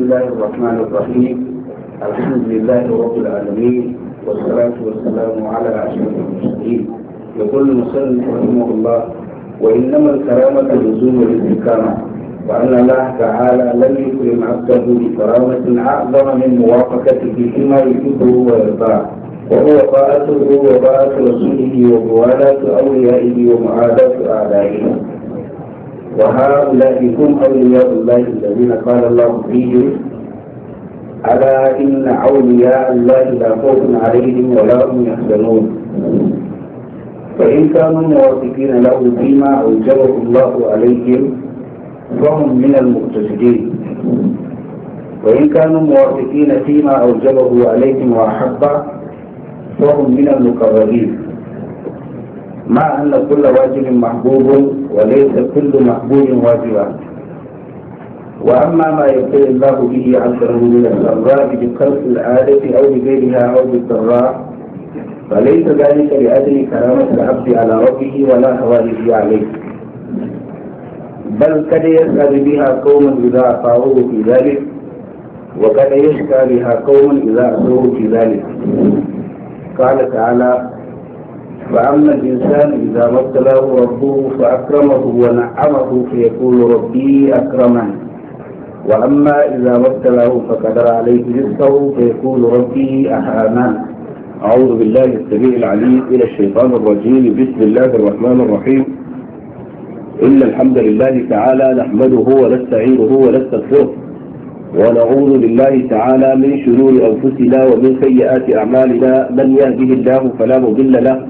الله الرحمن الرحيم الحمد لله رب العالمين والصلاة والسلام على أشرف المرسلين يقول المصنف رحمه الله وإنما الكرامة لزوم الاستقامة وأن الله تعالى لم يكرم عبده بكرامة أعظم من موافقته فيما يحبه ويرضاه وهو طاعته وطاعة رسوله وموالاة أوليائه ومعاداة أعدائه وهؤلاء هم أولياء الله الذين قال الله فيهم ألا إن أولياء الله لا خوف عليهم ولا هم يحزنون فإن كانوا موافقين له فيما أوجبه الله عليهم فهم من المقتصدين وإن كانوا موافقين فيما أوجبه عليهم وأحبه فهم من المقربين مع أن كل واجب محبوب وليس كل محبوب واجبا وأما ما يبتلي الله به عبده من السراء بخلق العادة أو بغيرها أو بالضراء فليس ذلك لأجل كرامة العبد على ربه ولا هوائه عليه بل قد يسأل بها قوم إذا أطاعوه في ذلك وقد يشكى بها قوم إذا أسوه في ذلك قال تعالى فأما الإنسان إذا ما ابتلاه ربه فأكرمه ونعمه فيقول ربي أكرمن وأما إذا ما ابتلاه فقدر عليه رزقه فيقول ربي أهانن أعوذ بالله السميع العليم إلى الشيطان الرجيم بسم الله الرحمن الرحيم إن الحمد لله تعالى نحمده ونستعينه ونستغفره ونعوذ بالله تعالى من شرور أنفسنا ومن سيئات أعمالنا من يهده الله فلا مضل له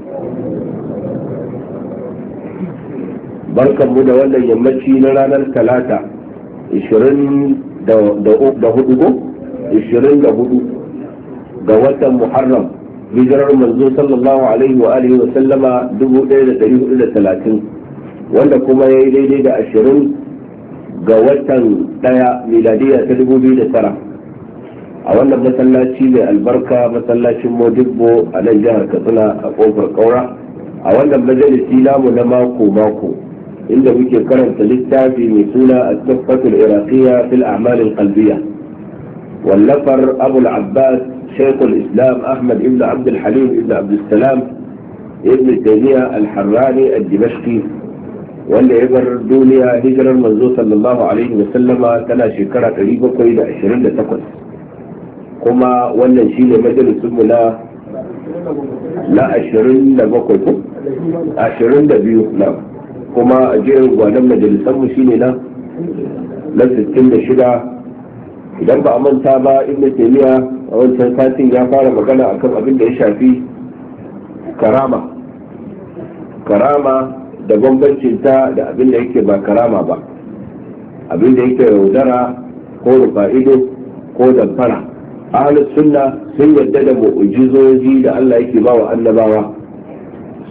barkanmu da wannan yammaci na ranar talata 24 ga watan muharram hijirar manzo sallallahu alaihi wa alihi wa sallama 1430 wanda kuma ya yi daidai da 20 ga watan daya miladiya ta 2009 a wannan masallaci mai albarka masallacin modibbo a nan jihar katsina a kofar kaura a wannan majalisi namu na mako mako عند ويكي كرنت لتا في نيسولا التفة العراقية في الأعمال القلبية واللفر أبو العباس شيخ الإسلام أحمد ابن عبد الحليم ابن عبد السلام ابن تيمية الحراني الدمشقي واللي عبر دوليا هجر المنزو صلى الله عليه وسلم تلا شكرا قريبا كويدا عشرين لتقل كما واللي نشيل مجل سمنا لا عشرين لبقل عشرين لبيو نعم kuma a jerin gwanon majalisanmu shine na na 66 idan ba a manta ba inda taymiya a wancan satin ya fara magana akan abin da ya shafi karama karama da bambancinta da abin da yake ba karama ba abin da yake yaudara ko rufa ko damfara ahlus sunna sun yarda da mu'ujizoji da Allah yake ba wa annabawa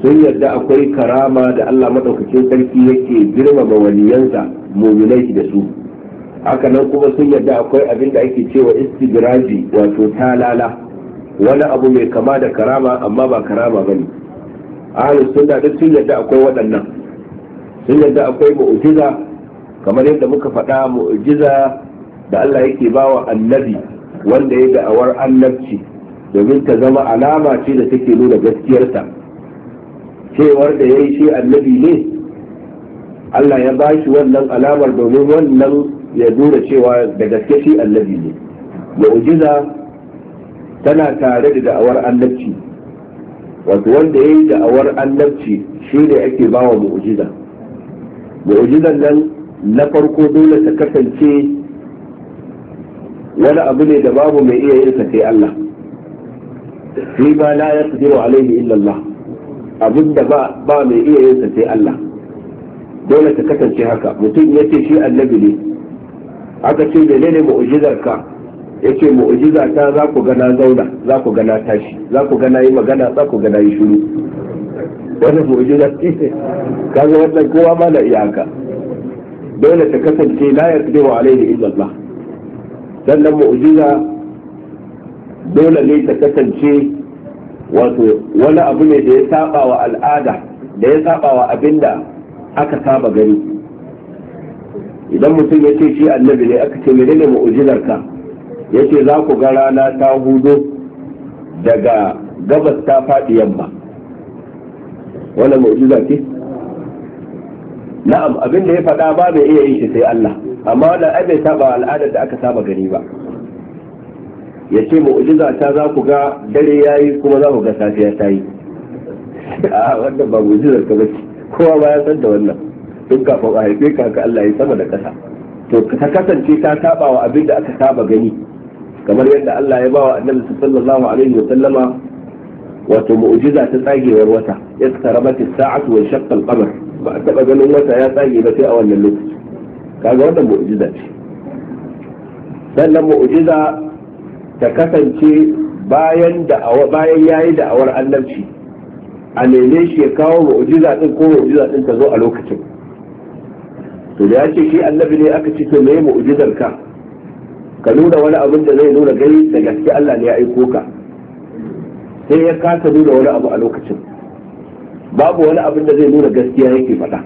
sun yarda akwai karama da Allah madaukakin sarki yake girmama waliyansa muminai da su haka nan kuma sun yarda akwai abin da ake cewa istigraji wato talala wani abu mai kama da karama amma ba karama bane ahlus sunna duk sun yarda akwai waɗannan sun yarda akwai mu'jiza kamar yadda muka faɗa mu'jiza da Allah yake bawa annabi wanda ya da'awar annabci domin ta zama alama ce da take nuna ta cewar da ya yi shi annabi ne Allah ya ba shi wannan alamar domin wannan ya nuna cewa da gaske shi annabi ne mu'jiza tana tare da da'awar annabci wato wanda ya yi da'awar annabci shi ne ake ba wa mu'jiza mu'jizan nan na farko dole ta kasance wani abu ne da babu mai iya yin sa sai Allah fi ma la yaqdiru alaihi illa Allah abin da ba mai iya yin sa sai Allah dole ta kasance haka mutum ya ce shi annabi ne aka ce menene mu'jizar ka yace mu'jiza ta za ku gana zauna za ku gana tashi za ku gana yi magana za ku gana yi shiru wannan mu'jiza ce kaga wannan kowa ba na iyaka dole ta kasance la yaqdiru alaihi illa Allah sannan mu'jiza dole ne ta kasance wato wani abu ne da ya saba wa al'ada da ya saba wa abinda aka saba gani idan mutum ya ce shi annabi ne aka ce menene mu'ujizarka ya ce za ku ga rana ta hudo daga gabas ta faɗi yamma wannan mu'jiza ce na'am abin ya faɗa ba mai iya yin shi sai Allah amma wannan ai bai saba al'ada da aka saba gani ba ya ce mu'jiza ta za ku ga dare ya yi kuma za ku ga safiya ta yi a wannan ba mu'jizar ka bace kowa ba ya san da wannan duk kafin a haife ka ka Allah ya sama da ƙasa to ta kasance ta saba wa abin da aka saba gani kamar yadda Allah ya ba wa annabi sallallahu alaihi wa sallama wato mu'jiza ta tsagewar wata ya tsarabati sa'atu wa shaqqa al-qamar ba a taba ganin wata ya tsage ba sai a wannan lokaci kaga wannan mu'jiza ce sannan mu'jiza ta kasance bayan ya yi da'awar annabci a neme shi ya kawo mu'ujiza ɗin ko mu'ujiza ɗin ta zo a lokacin to da ya ce shi annabi ne aka ce to me mu'ujizar ka ka nuna wani abin da zai nuna gari da gaske Allah ne ya aiko ka sai ya kasa nuna wani abu a lokacin babu wani abin da zai nuna gaskiya yake faɗa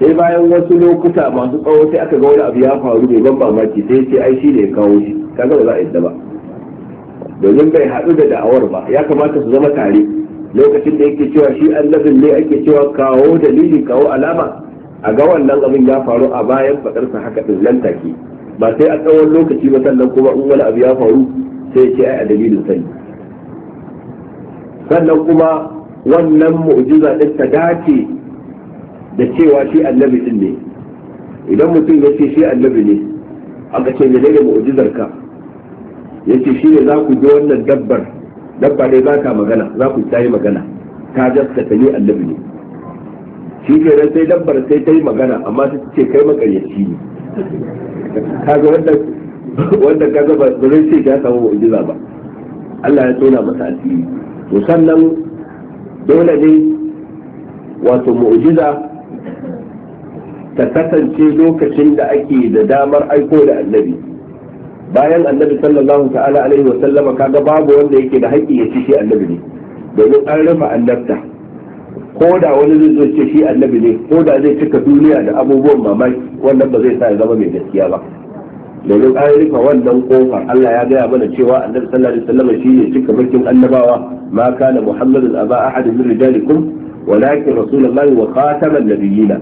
sai bayan wasu lokuta masu tsawo sai aka ga wani abu ya faru ne ban mamaki sai sai ai shi ne ya kawo shi kaga ba za a yadda ba domin bai haɗu da da'awar ba ya kamata su zama tare lokacin da yake cewa shi annabin ne ake cewa kawo dalili kawo alama a ga wannan abin ya faru a bayan faɗarsa haka din nan take ba sai a tsawon lokaci ba sannan kuma in wani abu ya faru sai ya ce ai a dalilin sani sannan kuma wannan mu'jiza ɗin ta dace da cewa shi annabi din ne idan mutum ya ce shi annabi ne aka ce ne mu'jizar ka yace shi ne za ku ji wannan dabbar dabba ne za ka magana za ku ta yi magana ta jasta ta yi annabi ne shi ke nan sai dabbar sai ta yi magana amma ta ce kai makaryaci ne kaga wanda wanda kaga ba zai ce ya samu mu'jiza ba Allah ya tona masa asiri to sannan dole ne wato mu'jiza ta kasance lokacin da ake da damar aiko da annabi bayan annabi sallallahu ta'ala alaihi wa sallama kaga babu wanda yake da haƙƙi ya ce shi annabi ne domin an rufe annabta ko da wani zai zo ce shi annabi ne ko da zai cika duniya da abubuwan mamaki wannan ba zai sa ya zama mai gaskiya ba domin an rufe wannan kofar Allah ya gaya mana cewa annabi sallallahu alaihi wasallam shi ne cika mulkin annabawa ma kana muhammadun aba ahad min rijalikum walakin rasulullahi wa khataman nabiyina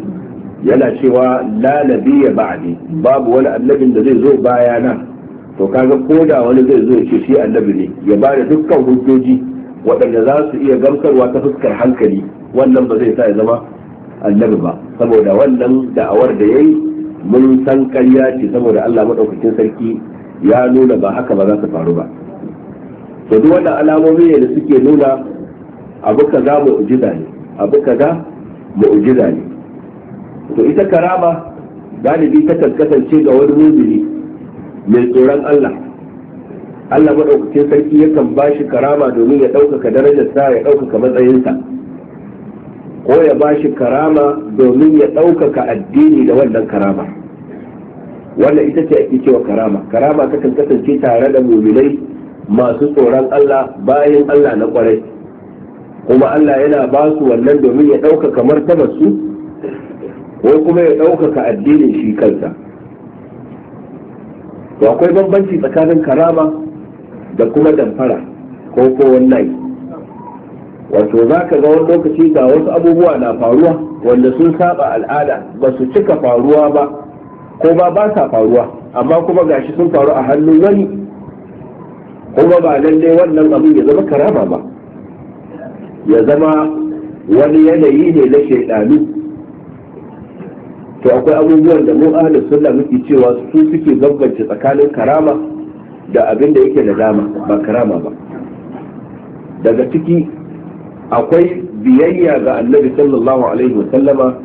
yana cewa la nabiyya ba'di babu wani annabin da zai zo bayana to kaga ko da wani zai zo ce shi annabi ne ya ba da dukkan hujjoji waɗanda za su iya gamsarwa ta fuskar hankali wannan ba zai sa ya zama annabi ba saboda wannan da'awar da yayi mun san ƙarya ce saboda Allah madaukakin sarki ya nuna ba haka ba za su faru ba to duk wannan alamomi ne da suke nuna abu kaza mu'jiza ne abu kaza mu'jiza ne to ita karama galibi ta kasance ga wani mumini mai tsoron Allah Allah maɗaukacin sarki yakan ba shi karama domin ya ɗaukaka darajarsa ya ɗaukaka matsayinsa ko ya ba shi karama domin ya ɗaukaka addini da wannan karama wannan ita ce ake cewa karama karama takan kasance tare da muminai masu tsoron Allah bayan Allah na kwarai kuma Allah yana ba su wannan domin ya ɗaukaka martabarsu ko kuma ya ɗaukaka addinin shi kansa to akwai bambanci tsakanin karama da kuma damfara ko ko wallahi wato za ka ga wani lokaci ga wasu abubuwa na faruwa wanda sun saba al'ada ba su cika faruwa ba ko ba ba sa faruwa amma kuma gashi sun faru a hannun wani kuma ba lallai wannan abin ya zama karama ba ya zama wani yanayi ne na shaidanu to akwai abubuwan da mu ahlus sunna muke cewa su suke bambance tsakanin karama da abin da yake da dama ba karama ba daga ciki akwai biyayya ga annabi sallallahu alaihi wasallama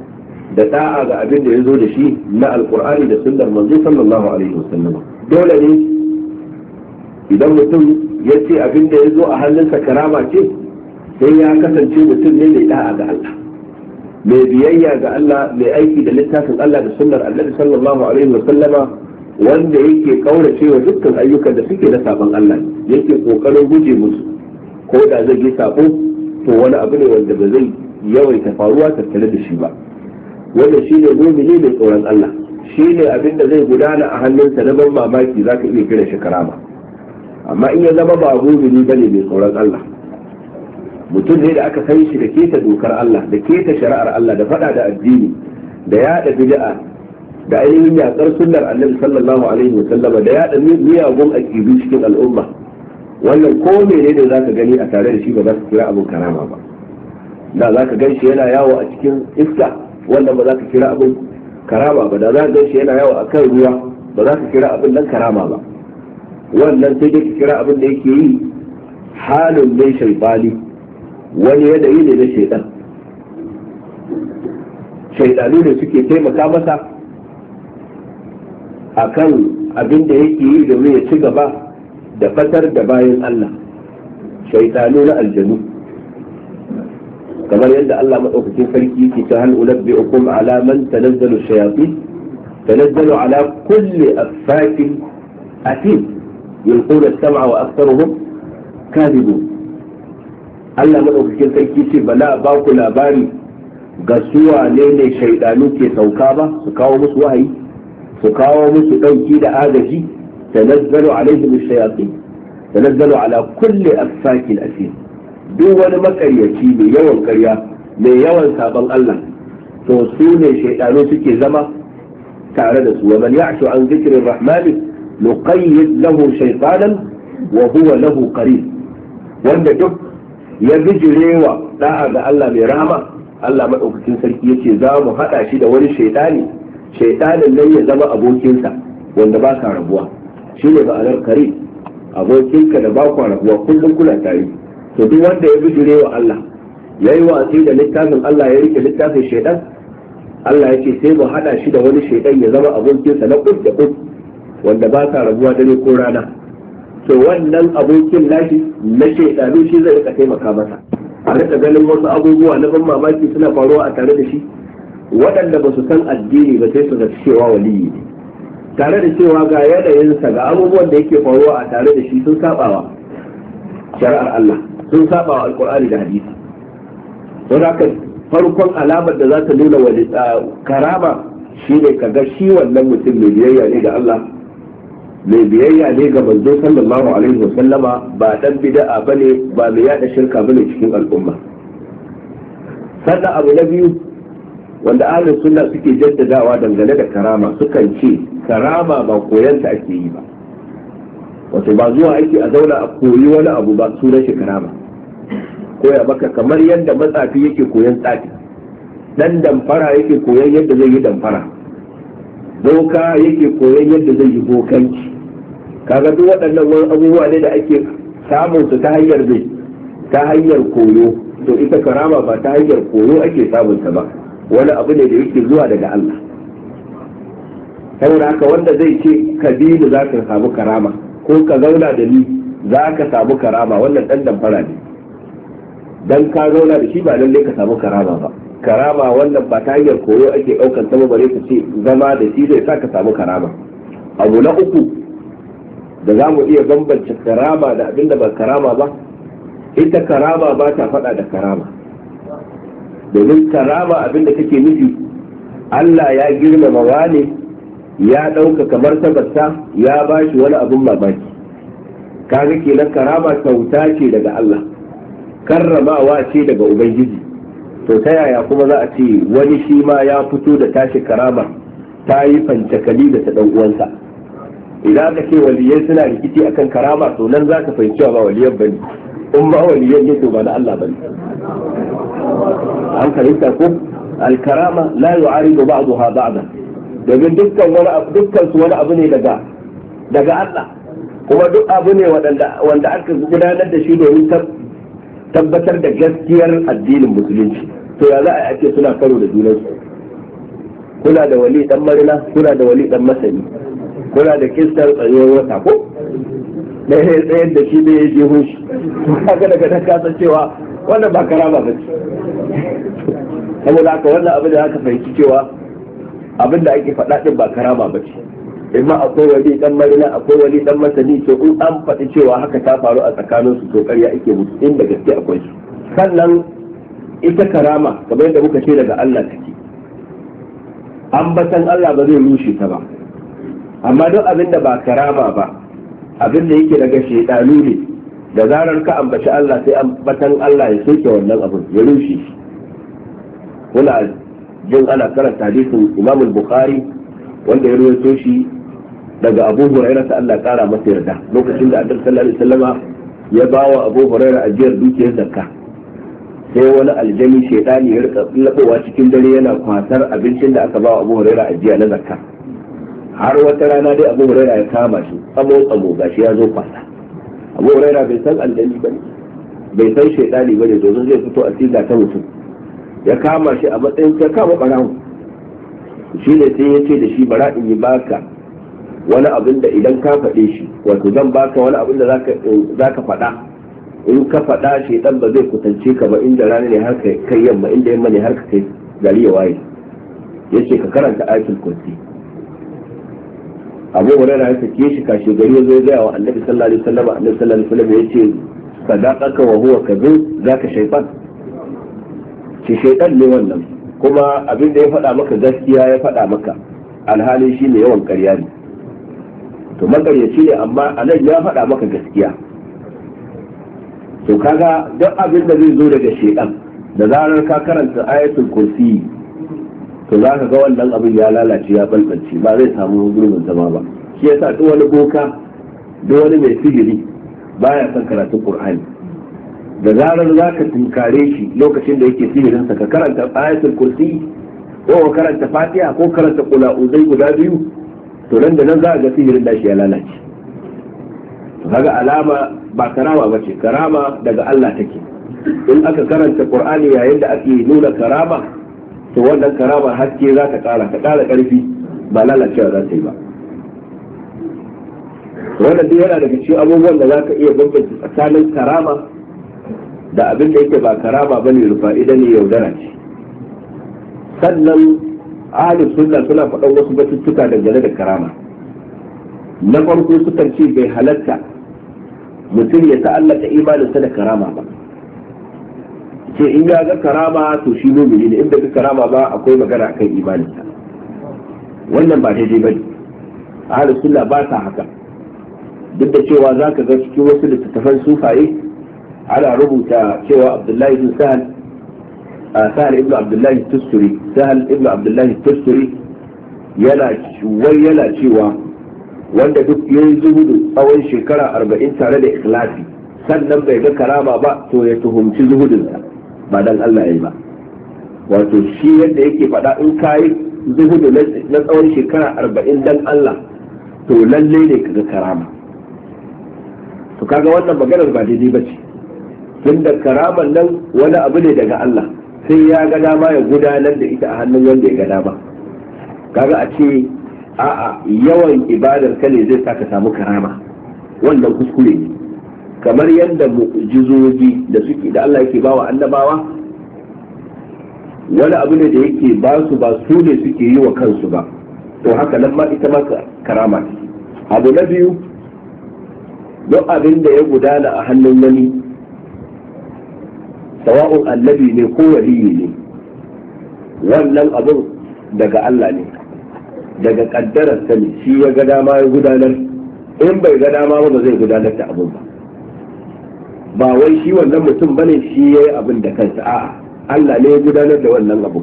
da da'a ga abin da ya zo da shi na alkur'ani da sunnar manzo sallallahu alaihi wasallama dole ne idan mutum ya ce abin da ya zo a hannunsa karama ce sai ya kasance mutum ne mai da'a ga Allah mai biyayya ga Allah mai aiki da littafin Allah da sunnar Annabi sallallahu alaihi wa sallama wanda yake kaurace wa dukkan ayyukan da suke na saban Allah yake kokarin guje musu ko da zai yi sako to wani abu ne wanda ba zai yawaita faruwa tattare da shi ba wanda shi ne mumini mai tsoron Allah shi ne abin da zai gudana a hannunsa na ban mamaki za zaka iya kira shi karama amma in ya zama ba mumini bane mai tsoron Allah mutum ne da aka san shi da keta dokar Allah da keta shari'ar Allah da faɗa da addini da yaɗa bid'a da ainihin yaƙar sunnar annabi sallallahu alaihi wa sallama da yaɗa miyagun aƙidu cikin al'umma wannan ko ne da zaka gani a tare da shi ba za ka kira abun karama ba da za ka gan shi yana yawo a cikin iska wannan ba za ka kira abun karama ba da za ka gan shi yana yawo a kan ruwa ba za ka kira abun nan karama ba wannan sai dai ka kira abin da yake yi halin ne shaibali wani ya dai ne na shaidan shaidanu ne suke taimaka masa a kan abin da yake yi domin ya ci gaba da fatar da bayan Allah shaidanu na aljanu kamar yadda Allah maɗaukakin sarki ke ta hal ulabbi ukum ala man tanazzalu shayatin tanazzalu ala kulli affakin atim yulquna as-sam'a wa aktharuhum kadhibun Allah madaukakin sarki ce bala ba ku labari ga suwa ne ne shaidanu ke sauka ba su kawo musu wahayi su kawo musu dauki da agaji tanazzalu alaihim shayatin tanazzalu ala kulli afakin asim duk wani makaryaci mai yawan karya mai yawan sabon Allah to su ne shaidanu suke zama tare da su wa man ya'shu an zikrir rahmani nuqayyid lahu shaytanan wa huwa lahu qarin wanda duk ya bijirewa da'a ga Allah mai rahama Allah maɗaukacin sarki ya ce, za mu haɗa shi da wani shaitani. Shaitanin nan ya zama abokinsa wanda ba ka rabuwa Shi ne ma'anar kare abokinka da ba ku rabuwa kullum kuna tare to duk wanda ya bijirewa Allah ya yi watsi da littafin Allah ya rike littafin shaitan Allah ya ce, sai mu haɗa shi da wani shaiɗan ya zama abokinsa na kuf da kuf wanda ba ka rabuwa dare ko rana to wannan abokin nashi na shaidanu shi zai rika taimaka masa a rika ganin wasu abubuwa na ban mamaki suna faruwa a tare da shi waɗanda ba su san addini ba sai su ga cewa waliyi ne tare da cewa ga yanayinsa ga abubuwan da yake faruwa a tare da shi sun sabawa shari'ar Allah sun sabawa alƙur'ani da hadisi don haka farkon alamar da za ta nuna wani karama shi ne ka ga shi wannan mutum mai biyayya ne da Allah mai biyayya ne ga manzo sallallahu alaihi wasallama ba dan bid'a bane ba mai yada shirka bane cikin al'umma sannan abu na biyu wanda ahlus sunna suke jaddadawa dangane da karama sukan ce karama ba koyanta ake yi ba wato ba zuwa ake a zauna a koyi wani abu ba sunan shi karama koya baka kamar yadda matsafi yake koyan tsafi dan damfara yake koyan yadda zai yi damfara doka yake koyon yadda zai yi bokanci kaga duk waɗannan wani abubuwa ne da ake samun su ta hanyar zai ta hanyar koyo to ita karama ba ta hanyar koyo ake samun ta ba wani abu ne da yake zuwa daga Allah saboda haka wanda zai ce kabilu za ka samu karama ko ka zauna da ni za ka samu karama wannan dan damfara ne dan ka zauna da shi ba lallai ka samu karama ba karama wannan ba ta hanyar koyo ake ɗaukan ta bare ta ce zama da shi zai sa ka samu karama abu na uku da za mu iya bambance karama da abin da ba karama ba ita karama ba ta faɗa da karama domin karama abin da kake nufi Allah ya girmama wane ya ɗauka kamar tabbata ya ba shi wani abin mamaki kaga kenan karama kyauta ce daga Allah karramawa ce daga Ubangiji to ta yaya kuma za a ce wani shi ma ya fito da tashi karama ta yi fancakali da ta dan uwansa idan aka ce waliyai suna rikici akan karama to nan za ka fahimci ba waliyan bane in ba waliyan ne to ba na Allah bane an karanta ko alkarama la yu'aridu ba'daha ba'da domin dukkan wani dukkan su wani abu ne daga daga Allah kuma duk abu ne wanda aka gudanar da shi domin tabbatar da gaskiyar addinin musulunci to ya za a ake suna karo da su kuna da wali dan marina kuna da wali dan masani kuna da kistar tsayuwar wata ko ya tsayar da shi ne ya je hushi haka daga nan kasa cewa wanda ba karama ba ce saboda haka wannan abin da aka fahimci cewa abin da ake faɗa ɗin ba karama ba ce imma akwai wali dan marina akwai wali dan masani to in an faɗi cewa haka ta faru a tsakaninsu to ƙarya ake mutu inda gaske akwai su sannan ita karama kamar yadda muka ce daga Allah take ambatan Allah ba zai rushe ta ba amma duk abin da ba karama ba abin da yake daga shaidanu ne da zarar ka ambaci Allah sai ambatan Allah ya soke wannan abin ya rushe shi kuna jin ana karanta hadisin Imam Bukhari wanda ya ruwaito shi daga Abu Hurairah ta Allah kara masa yarda lokacin da Annabi sallallahu alaihi wasallama ya bawa Abu Hurairah ajiyar dukiyar zakka sai wani aljami shaidani ya rika labowa cikin dare yana kwasar abincin da aka ba abu huraira a jiya na zakka har wata rana dai abu huraira ya kama shi tsamo tsamo gashi ya zo kwasa abu huraira bai san aljami ba bai san shaidani ba ne domin zai fito a siga ta mutum ya kama shi a matsayin ta kama barawo shi ne sai ya ce da shi bara in yi baka wani abin da idan ka faɗe shi wato zan baka wani abin da zaka faɗa in ka faɗa shi dan ba zai kutance ka ba inda rana ne har kai yamma inda yamma ne har kai gari ya waye yace ka karanta ayatul kursi abu hurairah ya ke shi kashe gari ya zo ya gaya wa annabi sallallahu alaihi wasallam annabi sallallahu alaihi wasallam yace sadaqaka wa huwa kadhib zaka shaytan shi shaytan ne wannan kuma abinda ya faɗa maka gaskiya ya faɗa maka alhali shi ne yawan ƙarya ne to makaryaci ne amma anan ya faɗa maka gaskiya to kaga duk abin da zai zo daga shedan da zarar ka karanta ayatul kursi to za ka ga wannan abin ya lalace ya balbalce ba zai samu gurbin zama ba shi yasa duk wani boka duk wani mai sihiri baya son karatun qur'ani da zarar za ka tunkare shi lokacin da yake sihirinsa ka karanta ayatul kursi ko karanta fatiha ko karanta kula uzai guda biyu to nan da nan za a ga sihirin da shi ya lalace kaga alama ba karama ba ce karama daga Allah take in aka karanta qur'ani yayin da ake nuna karama to wannan karama haske za ta kara ta kara karfi ba lalacewa za ta yi ba wannan duk yana daga cikin abubuwan da za ka iya bambanta tsakanin karama da abin da yake ba karama ba ne rufa idan ne yaudara ce sannan ahalin sunna suna faɗan wasu batuttuka dangane da karama na farko sukan ce bai halatta mutum ya ta'allaka imaninsa da karama ba ce in ya ga karama to shi mumini ne in bai ga karama ba akwai magana akan imaninsa wannan ba daidai ba ne ahlus sunna ba ta haka duk da cewa za ka ga cikin wasu littattafan sufaye ana rubuta cewa abdullahi bin sahal sahal ibnu abdullahi tusturi sahal ibnu abdullahi tusturi yana cewa wanda duk ya yi zuhudu tsawon shekara arba'in tare da ikhlasi sannan bai ga karama ba to ya tuhumci zuhudinsa ba dan Allah ya yi ba wato shi yadda yake faɗa in ka yi zuhudu na tsawon shekara arba'in dan Allah to lalle ne ka ga karama to kaga wannan maganar ba daidai ba ce tunda karaman nan wani abu ne daga Allah sai ya ga dama ya gudanar da ita a hannun wanda ya ga dama kaga a ce a'a yawan ibadar ka ne zai sa ka samu karama wannan kuskure ne kamar yadda mu'jizoji da suke da Allah yake bawa annabawa wani abu ne da yake ba su ba su ne suke yi wa kansu ba to haka nan ma ita ma karama abu na biyu duk abin da ya gudana a hannun wani sawa'un annabi ne ko waliyi ne wannan abin daga Allah ne daga kaddarar ta ne shi ya ga dama ya gudanar in bai ga dama ba zai gudanar da abun ba ba wai shi wannan mutum bane shi ya yi abin da kansa a'a Allah ne ya gudanar da wannan abu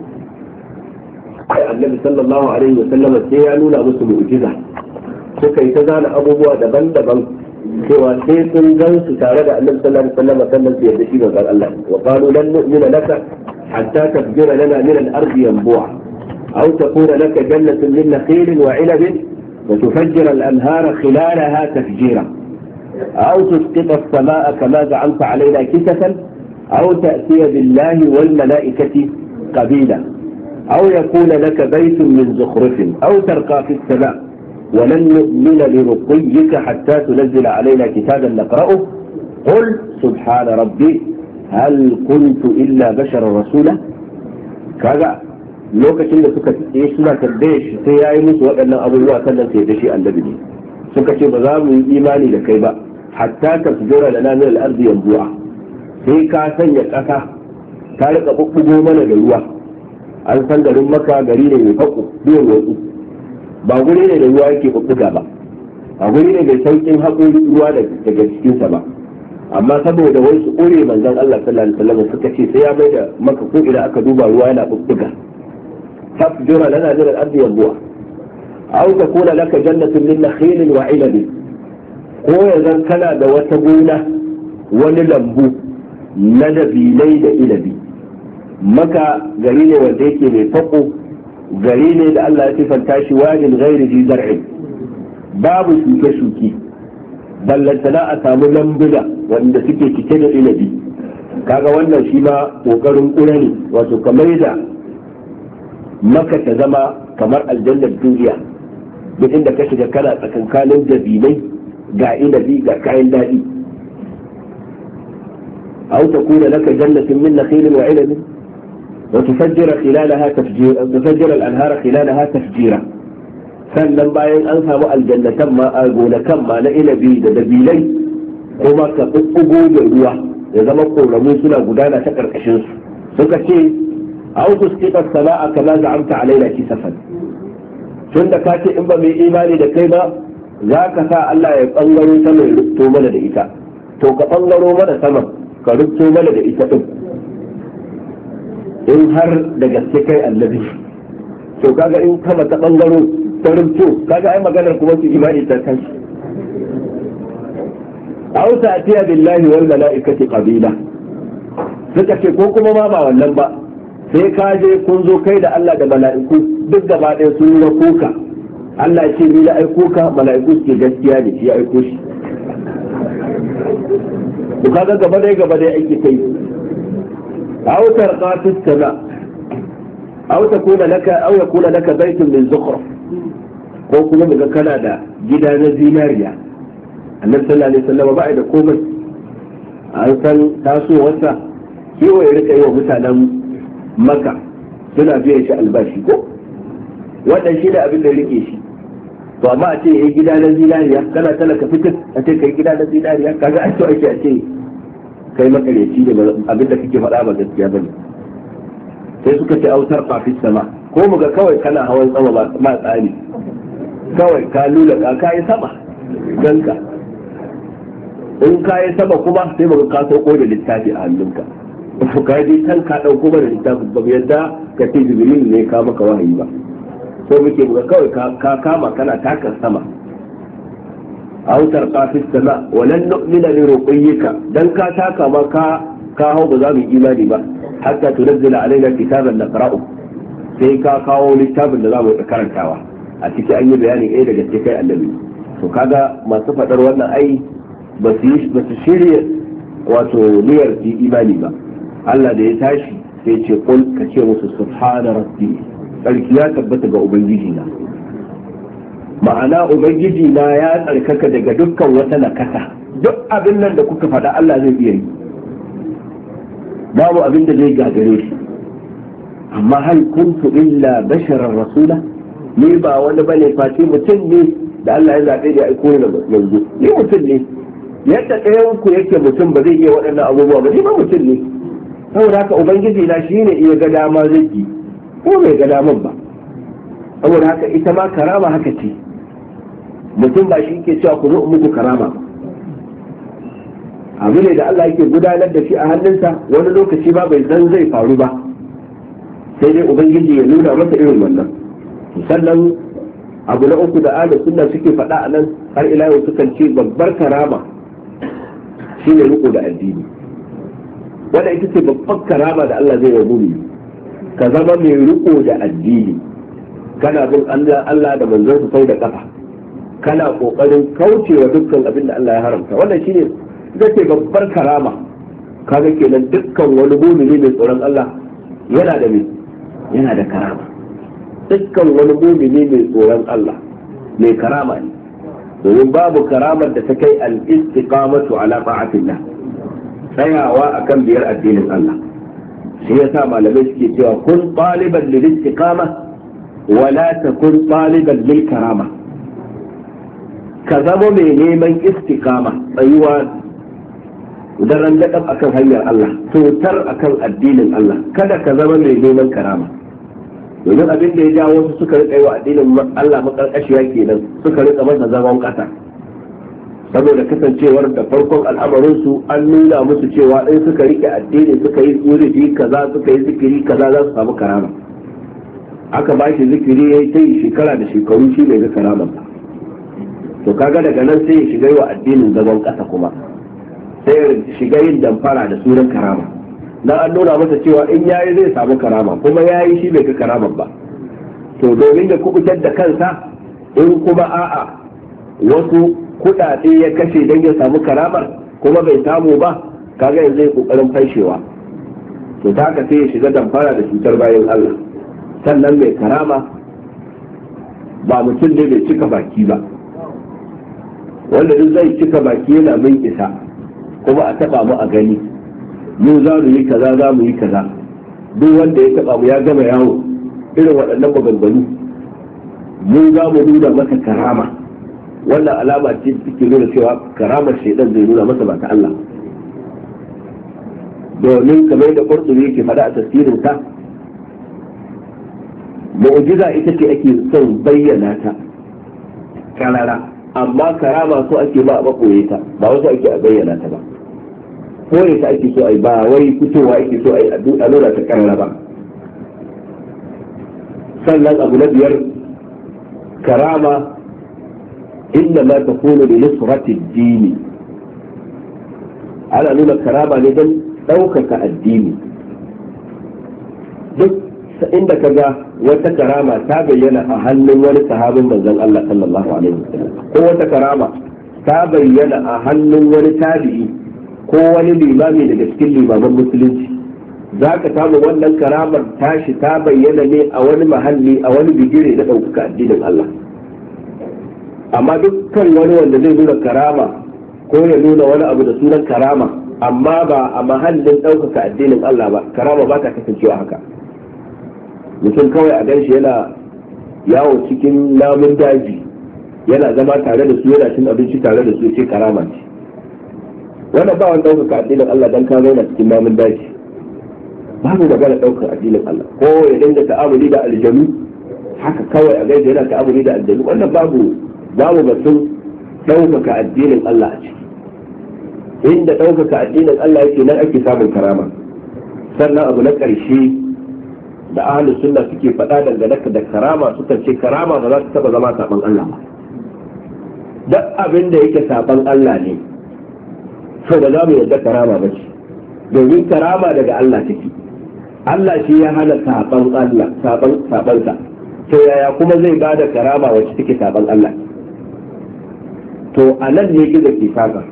ai annabi sallallahu alaihi wa sallam sai ya nuna musu mu'jiza suka yi ta zana abubuwa daban-daban cewa sai sun gansu tare da annabi sallallahu alaihi wa sallam sannan su yarda shi ga Allah wa qalu lan nu'mina laka hatta tabjira lana min al-ardi yanbu'a أو تكون لك جنة من نخيل وعلب وتفجر الأنهار خلالها تفجيرا أو تسقط السماء كما زعمت علينا كسفا أو تأتي بالله والملائكة قبيلا أو يكون لك بيت من زخرف أو ترقى في السماء ولن نؤمن لرقيك حتى تنزل علينا كتابا نقرأه قل سبحان ربي هل كنت إلا بشرا رسولا كذا lokacin da suka tsaye suna tambaye shi sai ya yi musu waɗannan abubuwa sannan sai da shi annabi ne suka ce ba za mu yi imani da kai ba hatta ka jira da namiyar al'arzi yanzu sai ka sanya ƙasa ta rika ɓuɓɓugo mana da ruwa an san garin maka gari ne mai faƙo biyan wasu ba guri ne da ruwa yake ɓuɓɓuga ba a guri ne mai sauƙin haƙo ruwa daga cikinsa ba amma saboda wasu su ƙure manzon Allah sallallahu alaihi wasallam suka ce sai ya mai da maka ko ina aka duba ruwa yana ɓuɓɓuga تفجر لنا من الأرض ينبوع أو تكون لك جنة من نخيل وعنب ko ya kana da wata gona wani lambu na dabilai da ilabi maka gari ne wanda yake mai fako gari ne da Allah ya sifanta shi wajin gairi ji zar'i babu shuke-shuke ballantana a samu lambuna wanda suke cike da ilabi kaga wannan shi ma kokarin ƙura ne wato kamar da maka ta zama kamar aljannar duniya duk inda ka shiga kana tsakankanin dabinai ga inabi ga kayan daɗi أو تكون لك جنة من نخيل وعنب وتفجر خلالها تفجيرا تفجر الأنهار خلالها تفجيرا sannan bayan an samu aljannatan ma a gonakan ma na inabi da dabilai kuma ka ɓuɓɓugo da ruwa ya zama ƙoramu suna gudana ta ƙarƙashinsu suka ce aw tusqita as-sala'a kama za'amta alaina kisafan tunda ka ce in ba mai imani da kai ba za ka sa Allah ya ɓangaro sama ya rubto mana da ita to ka ɓangaro mana saman, ka rubto mana da ita ɗin. in har da gaske kai annabi to kaga in kama ta ɓangaro ta rubto kaga ai maganar kuma su imani ta kan shi aw ta'tiya billahi wal mala'ikati qabila suka ce ko kuma ma ba wannan ba sai ka je kun zo kai da Allah da mala'iku duk gaba ɗaya sun yi kuka. Allah ce ni da aiko ka mala'iku suke gaskiya ne shi ya aiko shi ku kaga gaba dai gaba dai aiki kai aw qatis kaza sama aw takuna laka aw yakuna laka baytun min zukhruf ko kuma daga kana da gida na zinariya annabi sallallahu alaihi wasallam ba da komai an san tasowarsa kiwo ya rika yi wa mutanen maka suna biyan shi albashi ko wannan shi da abin da rike shi to amma a ce yayi gida na zinariya kana talaka fitin a ce kai gida na zinariya kaga a to ake a ce kai makareci da abin da kake faɗa ba gaskiya bane sai suka ce autar fafi sama ko muga kawai kana hawan sama ba ma tsani kawai ka lula ka kai sama ganka in ka yi sama kuma sai muga ka sauko da littafi a hannunka ba ka je kan ka ɗauko mana littafi ba mu yadda ka ce jibrilu ne ka maka wahayi ba ko muke buga kawai ka kama kana takan sama aw wutar fi sama wa nu'mina li ruqiyika dan ka taka ma ka ka hau ba za mu imani ba hatta tunazzila alaina kitaban qara'u sai ka kawo littafin da za mu karantawa a ciki an yi bayani ɗaya daga cikin annabi to kaga masu faɗar wannan ai ba su shirya wato niyyar imani ba Allah da ya tashi sai ce kul ka ce musu subhana rabbi tsarki ya tabbata ga ubangiji na ma'ana ubangiji na ya tsarkaka daga dukkan wata nakasa duk abin nan da kuka faɗa Allah zai iya yi babu abin da zai gagare shi amma hal kuntu illa basharar rasula ni ba wani bane face mutum ne da Allah ya zaɓe da aiko ne yanzu ni mutum ne yadda ɗayan ku yake mutum ba zai iya waɗannan abubuwa ba ni ba mutum ne saboda haka ubangiji na shi ne iya ga dama zai ko bai ga daman ba saboda haka ita ma karama haka ce mutum ba shi ke cewa ku zo muku karama abu ne da Allah yake gudanar da shi a hannunsa wani lokaci ba bai zan zai faru ba sai dai ubangiji ya nuna masa irin wannan sannan abu na uku da ala sunna suke faɗa a nan har ila yau sukan ce babbar karama Shi ne riko da addini wanda ita ce babban karama da Allah zai rabu ne ka zama mai riko da addini kana bin Allah da manzon sau da kafa kana kokarin kaucewa dukkan abin da Allah ya haramta wannan shine zai babbar karama kaga kenan dukkan wani mumini mai tsoron Allah yana da me yana da karama dukkan wani mumini mai tsoron Allah mai karama ne domin babu karamar da ta kai al-istiqamatu ala ta'atillah tsayawa akan biyar addinin Allah shi yasa malamai suke cewa kun taliban lil istiqama wala takun taliban lil karama ka zama mai neman istiqama tsayuwa da rangadab akan hanyar Allah cutar akan addinin Allah kada ka zama mai neman karama domin abin da ya jawo su suka rika yi wa addinin Allah makarkashiya kenan suka rika masa zaman ƙasa saboda kasancewar da farkon al'amarin su an nuna musu cewa in suka rike addini suka yi wuri kaza suka yi zikiri kaza za su samu karama aka ba shi zikiri ya yi ta yi shekara da shekaru shi ne ga karama ba to kaga daga nan sai ya shiga wa addinin zagon ƙasa kuma sai ya shiga yin damfara da sunan karama na an nuna masa cewa in yayi zai samu karama kuma yayi shi bai ga karama ba to domin da kubutar da kansa in kuma a'a wasu kuɗaɗe ya kashe don ya samu karamar kuma bai samu ba kaga yanzu ya kokarin fashewa to ta haka sai ya shiga damfara da cutar bayan Allah sannan mai karama ba mutum ne bai cika baki ba wanda duk zai cika baki yana min isa kuma a taba mu a gani mu za mu yi kaza za mu yi kaza duk wanda ya taba mu ya gama yawo irin waɗannan maganganu mu za mu nuna masa karama wannan alama ce take nuna cewa karamar shaidan zai nuna masa ba ta Allah domin kamar da qurtubi yake faɗa a tasirin ta mu'jiza ita ce ake son bayyana ta karara amma karama so ake ba a ɓoye ta ba wasu ake a bayyana ta ba koye ta ake so a ba wai fitowa ake so a a nuna ta karara ba sannan abu na biyar karama inda ma ta kone da nusratin dini ana nuna karama ne don ɗaukaka addini duk inda ka ga wata karama ta bayyana a hannun wani sahabin manzon Allah sallallahu alaihi wasallam ko wata karama ta bayyana a hannun wani tabi'i ko wani limami daga cikin limaman musulunci za ka samu wannan karamar tashi ta bayyana ne a wani mahalli a wani bigire na ɗaukaka addinin Allah amma dukkan wani wanda zai nuna karama ko ya nuna wani abu da sunan karama amma ba a mahallin ɗaukaka addinin Allah ba karama ba ta kasancewa haka mutum kawai a ganshi yana yawo cikin namun daji yana zama tare da su yana cin abinci tare da su ce karama ce wannan ba wani ɗaukaka addinin Allah dan ka zauna cikin namun daji babu magana ɗaukar addinin Allah ko ya dinga ta'amuli da aljanu haka kawai a gaisa yana ta'amuli da aljanu wannan babu babu batun ɗaukaka addinin Allah a ciki inda ɗaukaka addinin Allah yake nan ake samun karama sannan abu na ƙarshe da ahalin sunna suke faɗa dangane da karama suka ce karama ba za ta taɓa zama saɓan Allah ba duk abin da yake saɓan Allah ne to ba za mu yarda karama ba ce domin karama daga Allah take Allah shi ya hana saɓan Allah saɓan saɓansa to yaya kuma zai bada karama wacce take saɓan Allah to a nan ne gizo ke kaga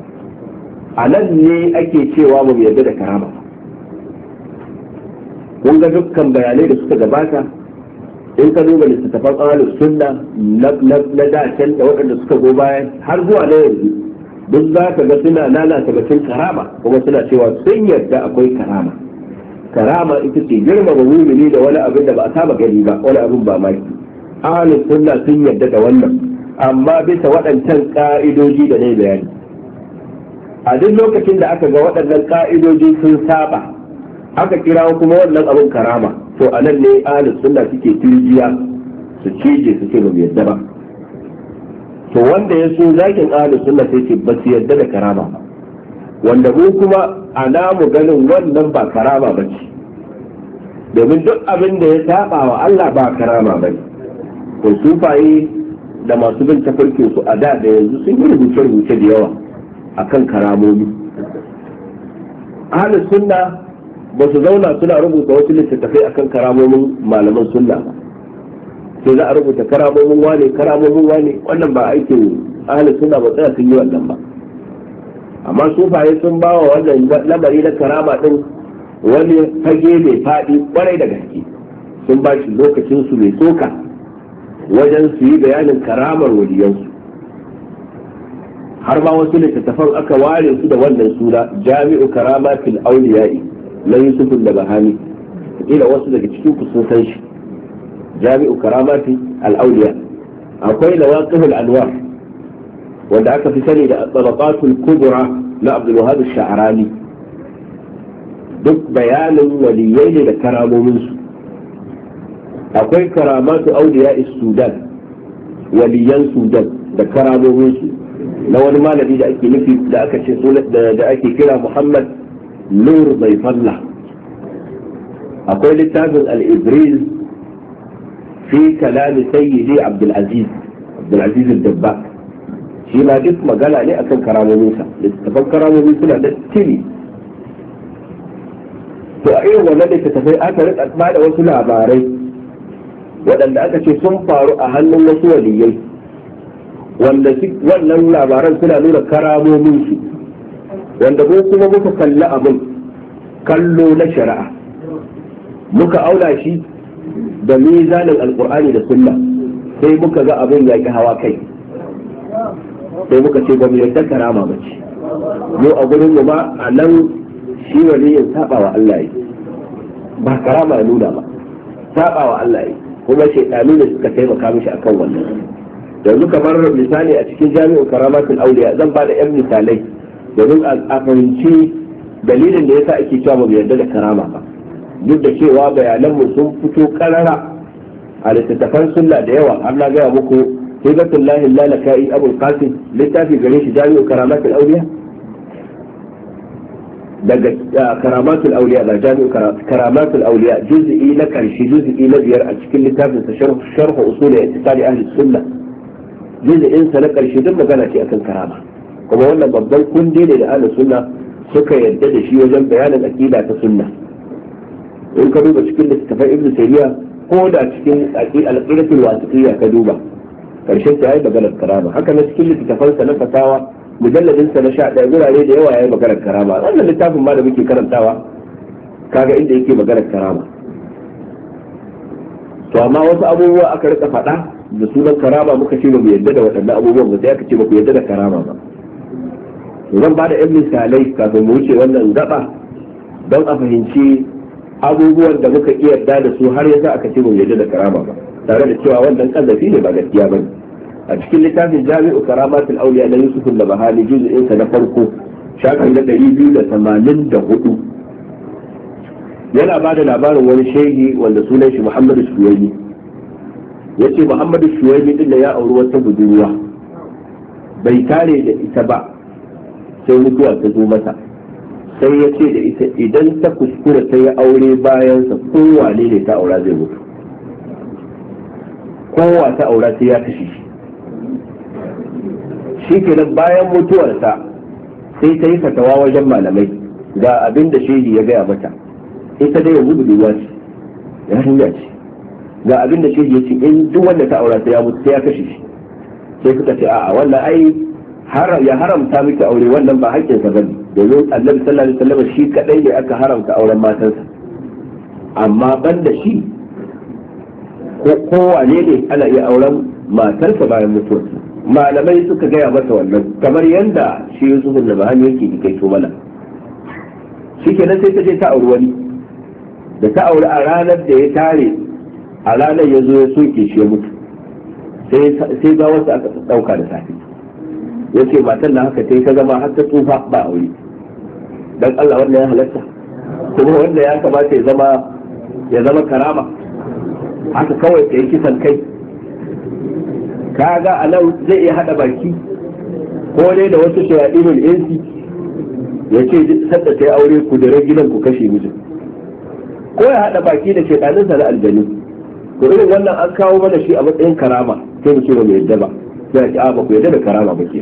a nan ne ake cewa ba mu yarda da karama kun ga dukkan bayanai da suka gabata in ka duba littattafan tsarin sunna na dacen da waɗanda suka go bayan har zuwa na yanzu duk za ka ga suna lalata batun karama kuma suna cewa sun yarda akwai karama karama ita ce girmama mumini da wani abin da ba a saba gani ba wani abin ba maki ahalin sunna sun yarda da wannan amma bisa waɗancan ƙa'idoji da ne bayani a duk lokacin da aka ga waɗannan ƙa'idoji sun saba aka kira kuma wannan abin karama to a nan ne alis suna suke turjiya su cije su ce yadda ba to wanda ya so zakin alis suna sai ce ba yadda da karama wanda mu kuma a mu ganin wannan ba karama ba ce domin duk abin da ya saba wa Allah ba karama ba ne to sufaye da masu bin tafarkin su a da da yanzu sun yi rubuce-rubuce da yawa a kan karamomi ahalin sunna ba su zauna suna rubuta wasu littattafai a kan karamomin malaman sunna sai za a rubuta karamomin wane karamomin wane wannan ba aikin ahalin sunna ba tsaya sun yi wannan ba amma sufaye sun ba wa wannan lamari na karama din wani fage mai faɗi kwarai da gaske sun ba shi lokacin su mai tsoka wajen su yi bayanin karamar waliyansu har ma wasu littattafan aka ware su da wannan suna jami'u karamatil auliya'i na yusufun da bahani ila wasu daga cikin ku sun san shi jami'u karamati al-auliya akwai lawaqihul anwar wanda aka fi sani da tabaqatul kubra na abdul wahab sha'rani duk bayanin waliyai ne da karamomin su akwai karamatu auliya sudan waliyan sudan da karamomin su na wani malami da ake nufi da aka ce da ake kira muhammad nur mai falla akwai littafin al-ibriz fi kalami sayyidi abdulaziz abdulaziz al dabba. shi ma duk magana ne akan da littafan karamomin suna da tini to a irin wannan da littattafai aka rika ba da wasu labarai waɗanda aka ce sun faru a hannun wasu waliyai wannan labaran suna nuna karamomin wanda ko kuma muka kalli abin kallo na shari'a muka auna shi da mizanin alkur'ani da sunna sai muka ga abin ya ki hawa kai sai muka ce ba mu yarda karama ba ce mu a gurin mu ma a nan shi waliyin saba wa Allah yi ba karama ya nuna ba saba wa Allah yi kuma shaidanu ne suka taimaka mishi akan wannan yanzu kamar misali a cikin jami'in karamatul auliya zan ba da yan misalai domin a fahimci dalilin da yasa ake cewa bamu yarda da karama ba duk da cewa bayananmu sun fito karara a littattafan sunna da yawa har na gaya muku hibatullahi lalaka'i abul qasim littafi gare shi jami'in karamatul auliya daga ah, karamatul auliya da jami'u karamatul auliya juz'i na karshe juz'i na biyar a cikin littafin sa sharh usul i'tiqadi ahli sunna juz'in sa na karshe duk magana ce akan karama kuma wannan babban kundi ne da ahli sunna suka yarda da shi wajen bayanin aqida ta sunna in ka duba cikin littafin ibnu taymiya ko da cikin al wasiqiyya ka duba karshen ta yi maganar karama haka na cikin littafin sa na fatawa mujalladin sa na sha ɗaya gurare da yawa yayin maganar karama wannan littafin ma da muke karantawa kaga inda yake magana karama to amma wasu abubuwa aka rika faɗa da sunan karama muka ce mu yadda da waɗannan abubuwan ba sai aka ce ba yadda da karama ba zan ba da 'yan misalai kafin mu wuce wannan gaba don a fahimci abubuwan da muka iya yarda da su har yanzu aka ce ba mu yadda da karama ba tare da cewa wannan kallafi ne ba gaskiya ba ne a cikin littafin jami'u karamatul auliya na yusuf da bahani juz'in sa na farko shafin na 284 yana ba da labarin wani shehi wanda sunan shi muhammadu shuwaini ya muhammadu shuwaini din da ya auri wata budurwa bai tare da ita ba sai mutuwa ta zo mata sai ya ce da ita idan ta kuskura ta yi aure bayansa kowa ne ta aura zai mutu kowa ta aura sai ya kashe shi shi kenan bayan mutuwarsa sai ta yi fatawa wajen malamai ga abin da shehi ya gaya mata ita dai yanzu budurwa ce ya hanya ce ga abin da shehi ya ce in duk wanda ta aura ta ya mutu sai ya kashe shi sai suka ce a'a wannan ai ya haramta miki aure wannan ba ka bane domin annabi sallallahu alaihi wasallam shi kadai ne aka haramta auren matansa amma ban da shi ko ne ne ana iya auren matarsa bayan mutuwarsa malamai suka gaya masa wannan kamar yadda shi yusuf da bahani yake kai to mana shi kenan sai ta je ta auri wani da ta auri a ranar da ya tare a ranar ya zo ya soke shi ya mutu sai ga wasu aka ɗauka da safe ya ce matan na haka yi, ta zama har ta tsufa ba aure Don Allah wannan ya halatta kuma wanda ya kamata ya zama ya zama karama haka kawai ka yi kisan kai kaga a nan zai iya hada baki ko dai da wasu shayaɗinul insi ya ce sadda ta yi aure ku da gidan ku kashe mijin ko ya hada baki da sa na aljanu ko irin wannan an kawo mana shi a matsayin karama sai mu kira mu yadda ba sai a ce a ah, ba ku yadda da karama ba ke.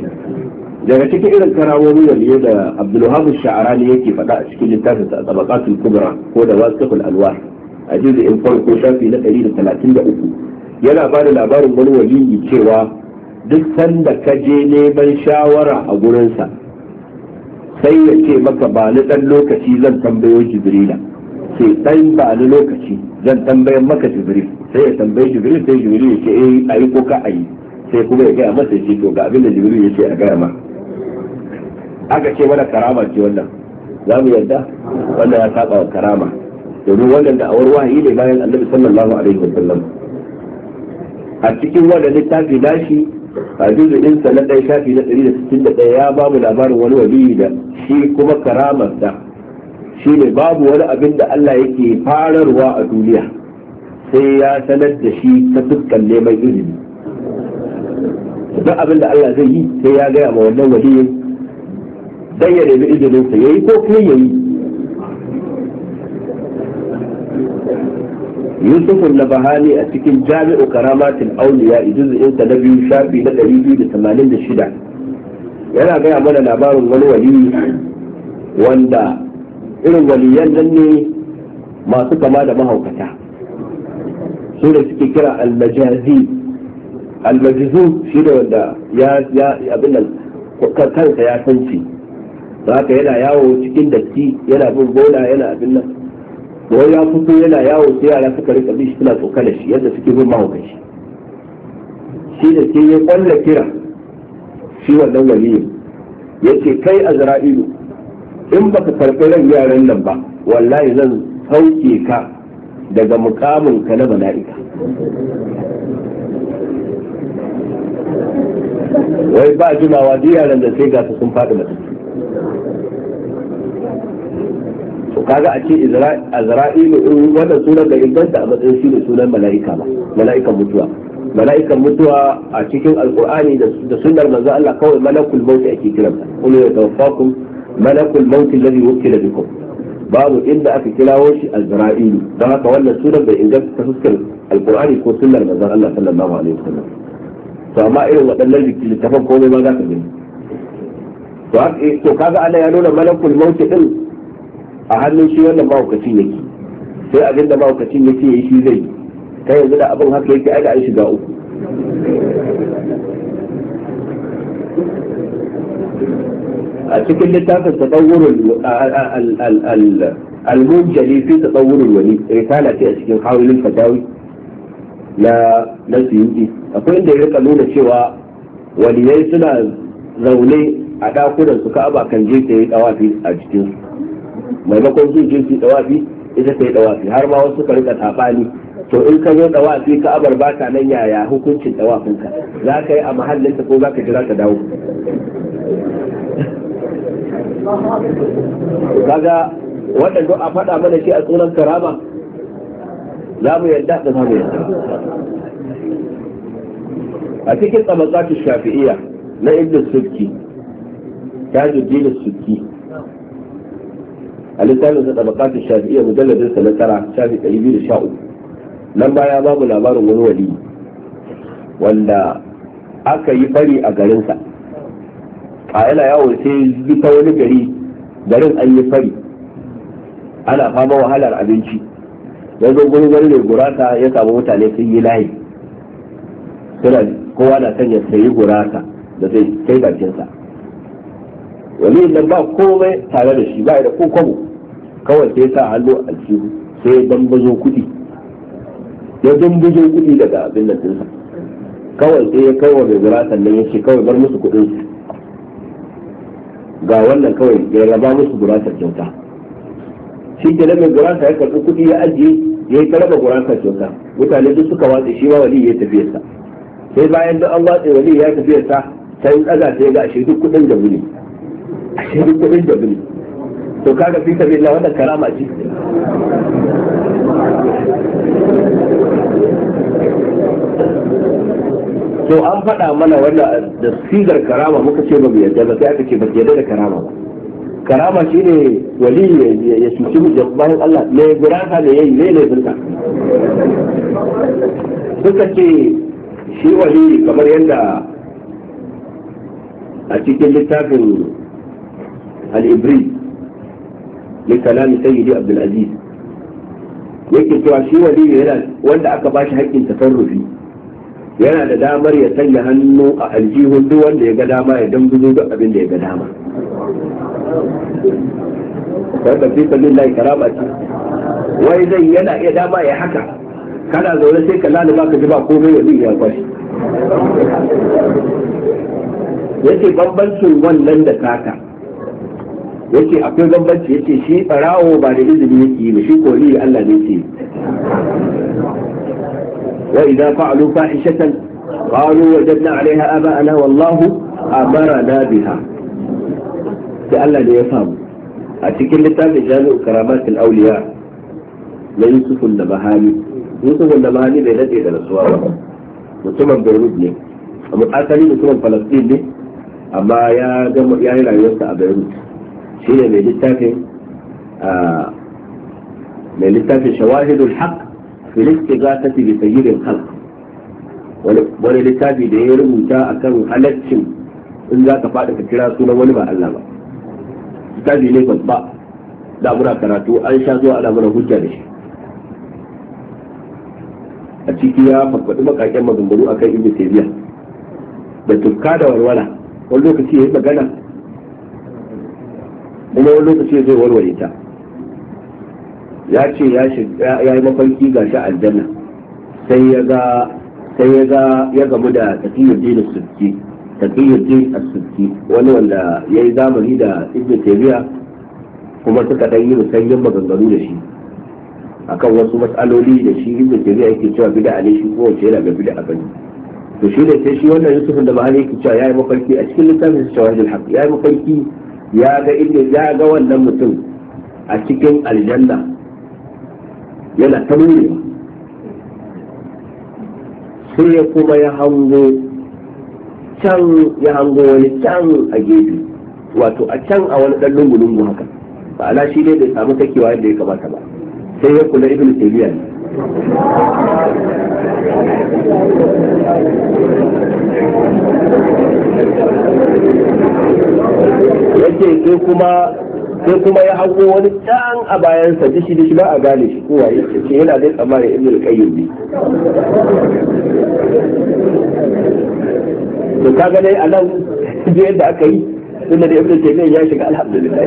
daga cikin irin karamomi da ne da abdulwahab sha'arani yake faɗa a cikin littafin sa a tabaqatul kubra ko da wasiqul alwar a juz'in farko shafi na ɗari da da uku. yana ba da labarin wani waliyi cewa duk sanda ka je neman shawara a gurinsa sai ya ce maka ba ni dan lokaci zan tambayo jibrila sai dan ba ni lokaci zan tambaye maka jibril sai ya tambayi jibril sai jibril ya ce eh ayi ko ka ayi sai kuma ya gaya masa ce to ga abin da jibril ya ce a gaya ma aka ce mana karama ce wannan za mu yarda wannan ya saba wa karama domin wannan da awar wahayi ne bayan annabi sallallahu alaihi wa sallam a cikin wannan littafi nashi a juzu'in insa na ɗaya shafi na ɗari da da sittin ɗaya ya bamu labarin wani waliyi da shi kuma karamarsa shi ne babu wani abin da Allah yake fararwa a duniya sai ya sanar da shi ta fuskan neman izini duk abin da Allah zai yi sai ya gaya ma wannan waliyin dan ya nemi izininsa sa yi ko kai yi. yusufu na labahani a cikin jami'u karamatin auliya idan sa na biyu shafi na 286 yana gaya mana labarin wani wali wanda irin waliyan nan ne masu kama da mahaukata su da suke kira almajazi almajizu shi da wanda ya abin nan kansa ya sanci haka yana yawo cikin datti yana bin bola yana abin nan da wani ya fito yana yawo sai yara suka rika bi shi suna da shi yadda suke bin mahaukan shi da ke ya kwalla kira shi wannan ne ya ce kai azra'ilu in baka karɓi ran yaran nan ba wallahi zan sauke ka daga mukamin ka na mala'ika wai ba jimawa duk yaran da sai gasa sun faɗi mutum kaga a ce azra'ilu in wannan sunan da inganta a matsayin shi ne sunan mala'ika ba mala'ikan mutuwa mala'ikan mutuwa a cikin alqur'ani da sunnar manzo Allah kawai malakul maut ake kiran kullu yatawaffakum malakul maut alladhi wukila bikum babu inda aka kirawo shi azra'ilu don haka wannan sunan bai inganta ta fuskar alqur'ani ko sunnar manzo Allah sallallahu alaihi wasallam to amma irin waɗannan littafan komai ma za ka gani to eh, kaga Allah ya nuna malakul maut din a hannun shi wannan mahaukacin yake sai abin da mahaukacin ya yi shi zai ta yanzu da abin haka yake aida an shiga uku a cikin littafin tsawurin al jali fi tsawurin wani rikala ce a cikin hawilin fadawi na na suyuti akwai inda ya rika nuna cewa waliyai suna zaune a dakunan su ka'aba kan je ta yi dawafi a jikinsu maimakon su je su dawafi ita ta yi dawafi har ma wasu karika tafani to in ka zo dawafi ka abar ba ta nan yaya hukuncin dawafin ka za ka yi a mahallinta ko za ka jira ka dawo kaga waɗanda a faɗa mana shi a tsoron karama za mu yadda da mu yadda a cikin tsamakatu shafi'iyya na ibn sufki jirgin sufki a littafin sa tabaqatu mujalladin sa na tara shafi 213 nan baya babu labarin wani wali wanda aka yi bari a garin sa a yana yawo sai bi ta wani gari garin an yi fari ana fama wahalar abinci ya zo gurin wani ne gurasa ya samu mutane sun yi layi kowa na sanya sayi gurasa da zai kai bakinsa waliyin nan ba komai tare da shi ba da ko kwabo kawai sai sa hannu a cikin sai bambazo kuɗi ya dambazo kuɗi daga abin da dinsa kawai sai ya kai wa mai zura sannan ya ce kawai bar musu kudin su ga wannan kawai ya raba musu gurasar kyauta shi ke mai gurasa ya karɓi kuɗi ya ajiye ya yi karɓa gurasar kyauta mutane duk suka watsa shi ma wali ya tafi sa sai bayan duk an watsa wali ya tafi sa sai in tsaga sai ga ashe duk kudin da wuri ashe duk kudin jabu ne to kaga fi sabilillah wannan karama ce to an faɗa mana wannan ah, da sigar karama muka ce ba mu yarda ba sai aka ce ba yarda da karama ba karama shi ne wali ya cuci mu bayan Allah ne gurasa da yayi ne ne laifinsa suka ce shi wali kamar yadda a cikin littafin al-ibri li kalami sayyidi abdul aziz yake cewa shi waliyu yana wanda aka ba bashi haƙƙin tasarrufi yana da damar ya sanya hannu a aljihun duk wanda ya ga dama ya dambuzo duk abin da ya ga dama wanda fi sabilillahi karama ce wai zai iya dama ya haka kana zaune sai ka lalaba ka ji ba komai waliyu ya kwashi yace bambancin wannan da taka yace akwai bambanci yace shi barawo ba da izini yake ba shi kori Allah ne yake wa idza fa'alu fahishatan qalu wajadna 'alayha aba'ana wallahu amarna biha sai Allah ne ya samu a cikin littafin jami'u karamatul auliya na Yusuf al-Nabahani Yusuf al-Nabahani bai dade da rasuwa ba mutumin Beirut ne amma asali mutumin Palestine ne amma ya ya yi rayuwarsa a Beirut shine mai littafin mai littafin shawahidul haq fil istighathati bi sayyidil khalq wani littafi da ya rubuta akan halaccin in za ka faɗi ka kira sunan wani ba Allah ba littafi ne babba da karatu an sha zuwa ana muna hujja da shi a ciki ya farfaɗi makaƙen a akan ibn da tukka da walwala wani lokaci ya yi magana kuma wani lokaci zai warware ta ya ce ya yi mafarki ga shi aljanna sai ya ga sai ya ga ya gamu da taqiyyuddin as-sirki taqiyyuddin as-sirki wani wanda ya yi zamani da ibn taymiya kuma suka dan yi musayyan maganganu da shi akan wasu matsaloli da shi ibn taymiya yake cewa bid'a ne shi ko wace yana ga bid'a bane to shi da sai shi wannan yusuf da ma'ani yake cewa yi mafarki a cikin littafin shawahidul haqq yi mafarki ya ga inda ya ga wannan mutum a cikin aljanna yana ta sai sai kuma ya hango can ya hango wani can a gefe wato a can a wani ɗan lungu-lungu haka ba ala shi ne bai samu takewa yadda ya kamata ba sai ya kula ibn taymiyyah yake sai kuma ya hango wani can a bayansa dishi dishi ba a gane shi kowa ya ce yana dai tsammanin ibn al-qayyim ne to kaga dai a nan da yadda aka yi tunda da ibn qayyim ya shiga alhamdulillah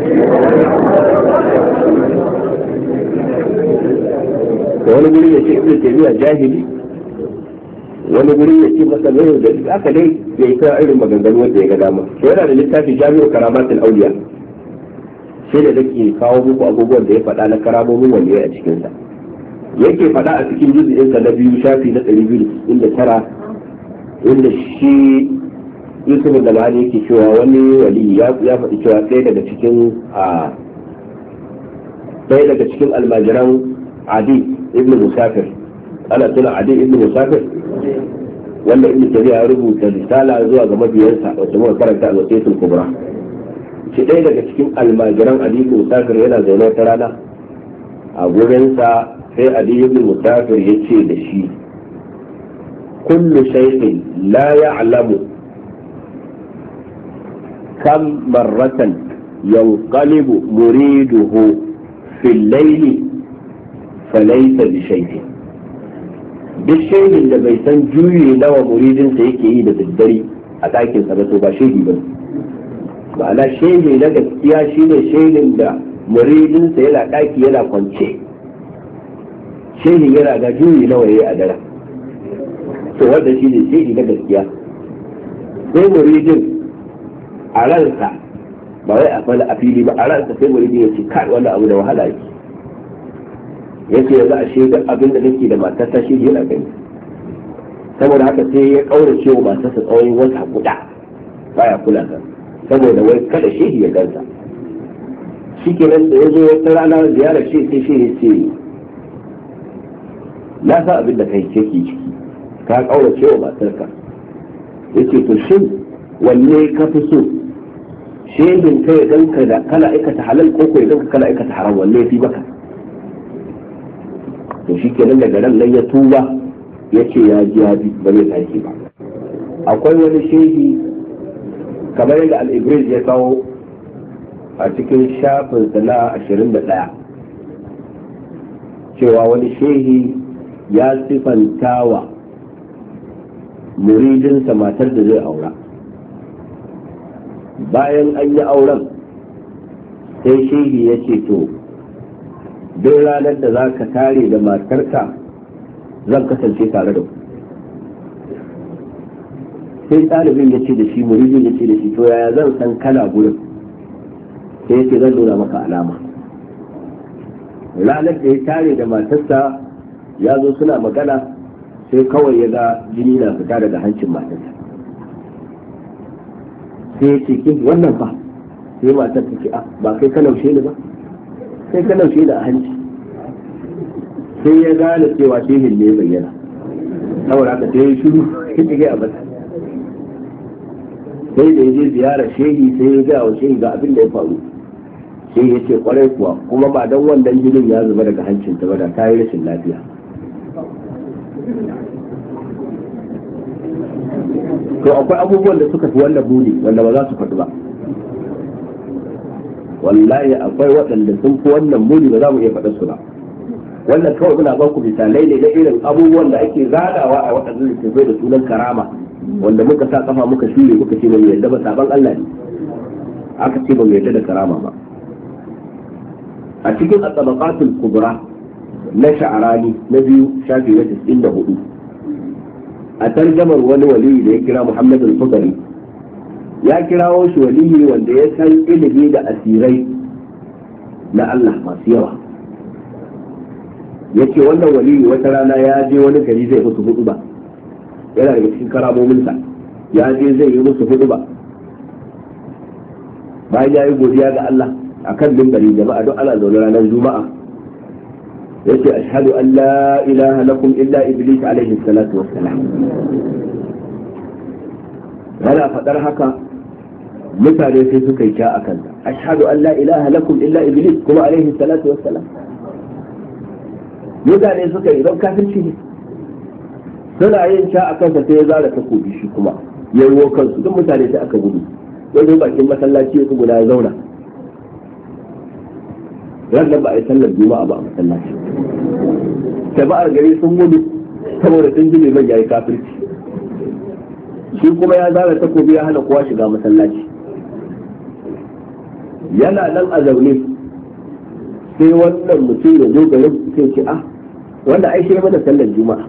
ka wani guri ya ce ibnu taymiya jahili wani guri ya ce masa mai da aka dai ya yi irin maganganu wanda ya ga dama to yana da littafin jami'u karamatul auliya sai da yake kawo muku abubuwan da ya faɗa na karamomin waliyai a cikinsa yake faɗa a cikin sa na biyu shafi na ɗari biyu inda tara inda shi yusuf da ma'ani yake cewa wani wali ya faɗi cewa ɗaya daga cikin a ɗaya daga cikin almajiran adi ibn musafir ana tuna adi ibn musafir wanda ibn tabi'a ya rubuta risala zuwa ga mabiyansa wacce muka karanta al-wasiyatul kubra shi ɗaya daga cikin almajiran adi ibn musafir yana zaune ta rana a gurinsa sai adi ibn musafir ya ce da shi kullu shay'in la ya'lamu kam marratan yanqalibu muriduhu في الليل falaita bi shay'in duk shaidin da bai san juye nawa muridinsa yake yi da daddare a ɗakin sa ba to ba shaidi ba ma'ana shaidi na gaskiya shi ne shaidin da muridinsa yana ɗaki yana kwance shaidin yana ga juye nawa yi a dara to wanda shi ne shaidi na gaskiya sai muridin a ransa ba wai a fili ba a ransa sai muridin ya ce kai wani abu da wahala yake yace yanzu a shi duk abin da nake da matarsa shi yana gani saboda haka sai ya kaura cewa matarsa tsawon wata guda baya kula ta saboda wai kada shi ya gansa shi nan da ya zo wata rana ziyarar shi sai shi ya ce na sa abin da kai ke ciki ka kaura cewa matarka yace to shin wanne ka fi so ka kai ganka da kana aikata halal ko ko ganka kana aikata haram wanne ya fi baka to shi kenan daga nan nan ya tuba ya ce ya ji ya bi ba zai sake ba akwai wani shehi kamar yadda al'ibris ya kawo a cikin shafin sana ashirin da ɗaya cewa wani shehi ya sifanta wa muridinsa matar da zai aura bayan an yi auren sai shehi ya ce to duk ranar da za ka tare da matarka zan kasance tare da ku sai ɗalibin ya ce da shi muridin ya ce da shi to yaya zan san kana gurin sai yake zan nuna maka alama ranar da ya tare da matarsa ya zo suna magana sai kawai ya ga jini na fita daga hancin matarsa sai ya ce wannan fa sai matar ta ce a ah, ba kai kalaushe ne ni ba sai ka laushe da hanci sai ya gane cewa shehin ne bayyana saboda haka sai ya shiru kike ga abin sai da yaje ziyara shehi sai ya ga wa shehi ga abin da ya faru sai ya ce kwarai kuwa kuma ba dan wannan jinin ya zuba daga hancin ta ba da ta rashin lafiya to akwai abubuwan da suka fi wannan buri wanda ba za su faɗi ba wallahi akwai waɗanda sun fi wannan muni ba za mu iya faɗa su ba wannan kawai muna ba ku misalai ne na irin abubuwan da ake zagawa a waɗannan littattafai da sunan karama wanda muka sa kafa muka shure muka ce ba mu yarda ba saban Allah ne aka ce ba mu yarda da karama ba a cikin atabaqatul kubra na sha'arani na biyu shafi na 94 a tarjamar wani waliyu da ya kira Muhammadu al-Fudari ya kirawo shi waliyi wanda ya san ilimi da asirai na Allah masu yawa yake wannan waliyi wata rana ya je wani gari zai musu hudu ba yana daga cikin karamominsa ya je zai yi musu hudu ba bayan ya yi godiya ga Allah a kan mimbari jama'a don ana zaune ranar juma'a yace ashadu an la ilaha lakum illa iblis alaihi salatu wassalam yana faɗar haka mutane sai suka yi kya a kanta ashhadu an la ilaha lakum illa iblis kuma alaihi salatu wassalam mutane suka yi don kafirci ne suna yin sha a kansa sai ya zara takobi shi kuma ya ruwa kansu duk mutane sai aka gudu wani bakin masallaci ya guda ya zauna ranar ba a yi sallar juma'a ba a masallaci jama'ar gari sun gudu saboda sun ji mai ya kafirci shi kuma ya zara takobi ya hana kowa shiga masallaci yana nan a zaune sai wannan mutum ya zo garin sai ce ah wanda ai shi ya mana sallar juma'a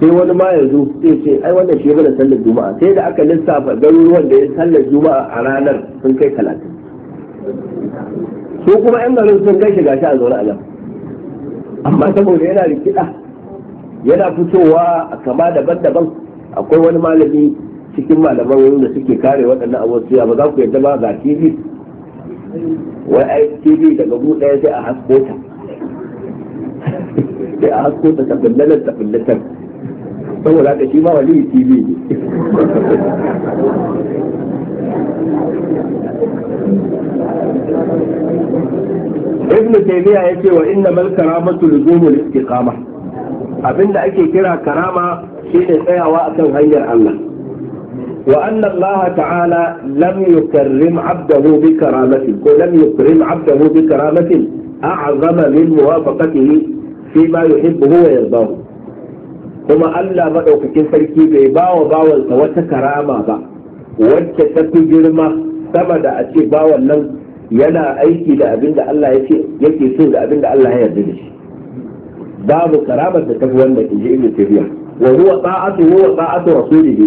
sai wani ma ya zo sai ce ai wannan shi ya mana sallar juma'a sai da aka lissafa garuruwan da ya sallar juma'a a ranar sun kai talatin su kuma yan garin sun kai shiga shi a zaune a nan amma saboda yana rikida yana fitowa a kama daban-daban akwai wani malami cikin malaman da suke kare waɗannan abubuwa ba za ku yadda ba ga tv wai ai tv daga mu ɗaya sai a hasko ta sai a hasko ta tabullalar saboda haka shi ma wali tv ne ibn taymiya yace wa inda mal karamatu luzumul istiqama abinda ake kira karama shine tsayawa akan hanyar Allah وأن الله تعالى لم يكرم عبده بكرامة ولم يكرم عبده بكرامة أعظم من موافقته فيما يحبه ويرضاه كما ألا مدعوك كفركي بيبا وبا والقوات كرامة با وانتسك جرمة سمد أتي با والنم ينا أيكي لأبن دا الله يكي يكي سود أبن دا الله يبدلش باب كرامة تكفوان ما تجي إلي وهو طاعته هو طاعة رسوله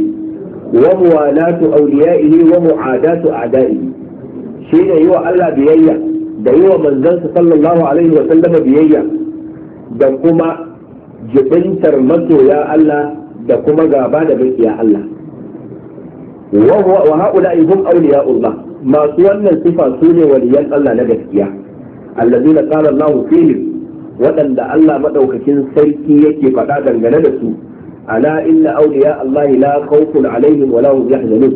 wa muwalatu awliyaihi wa mu'adatu a'da'ihi shine yi wa Allah biyayya da yi wa manzansa sallallahu alaihi wa sallama biyayya da kuma jibintar masoya Allah da kuma gaba da makiya Allah wa huwa wa ha'ula'i hum awliya'ullah masu wannan sifa su ne waliyan Allah na gaskiya allazina qala Allahu fihim waɗanda Allah madaukakin sarki yake faɗa dangane da su ala inna awliya Allah la khawfun alaihim wa la hum yahzanun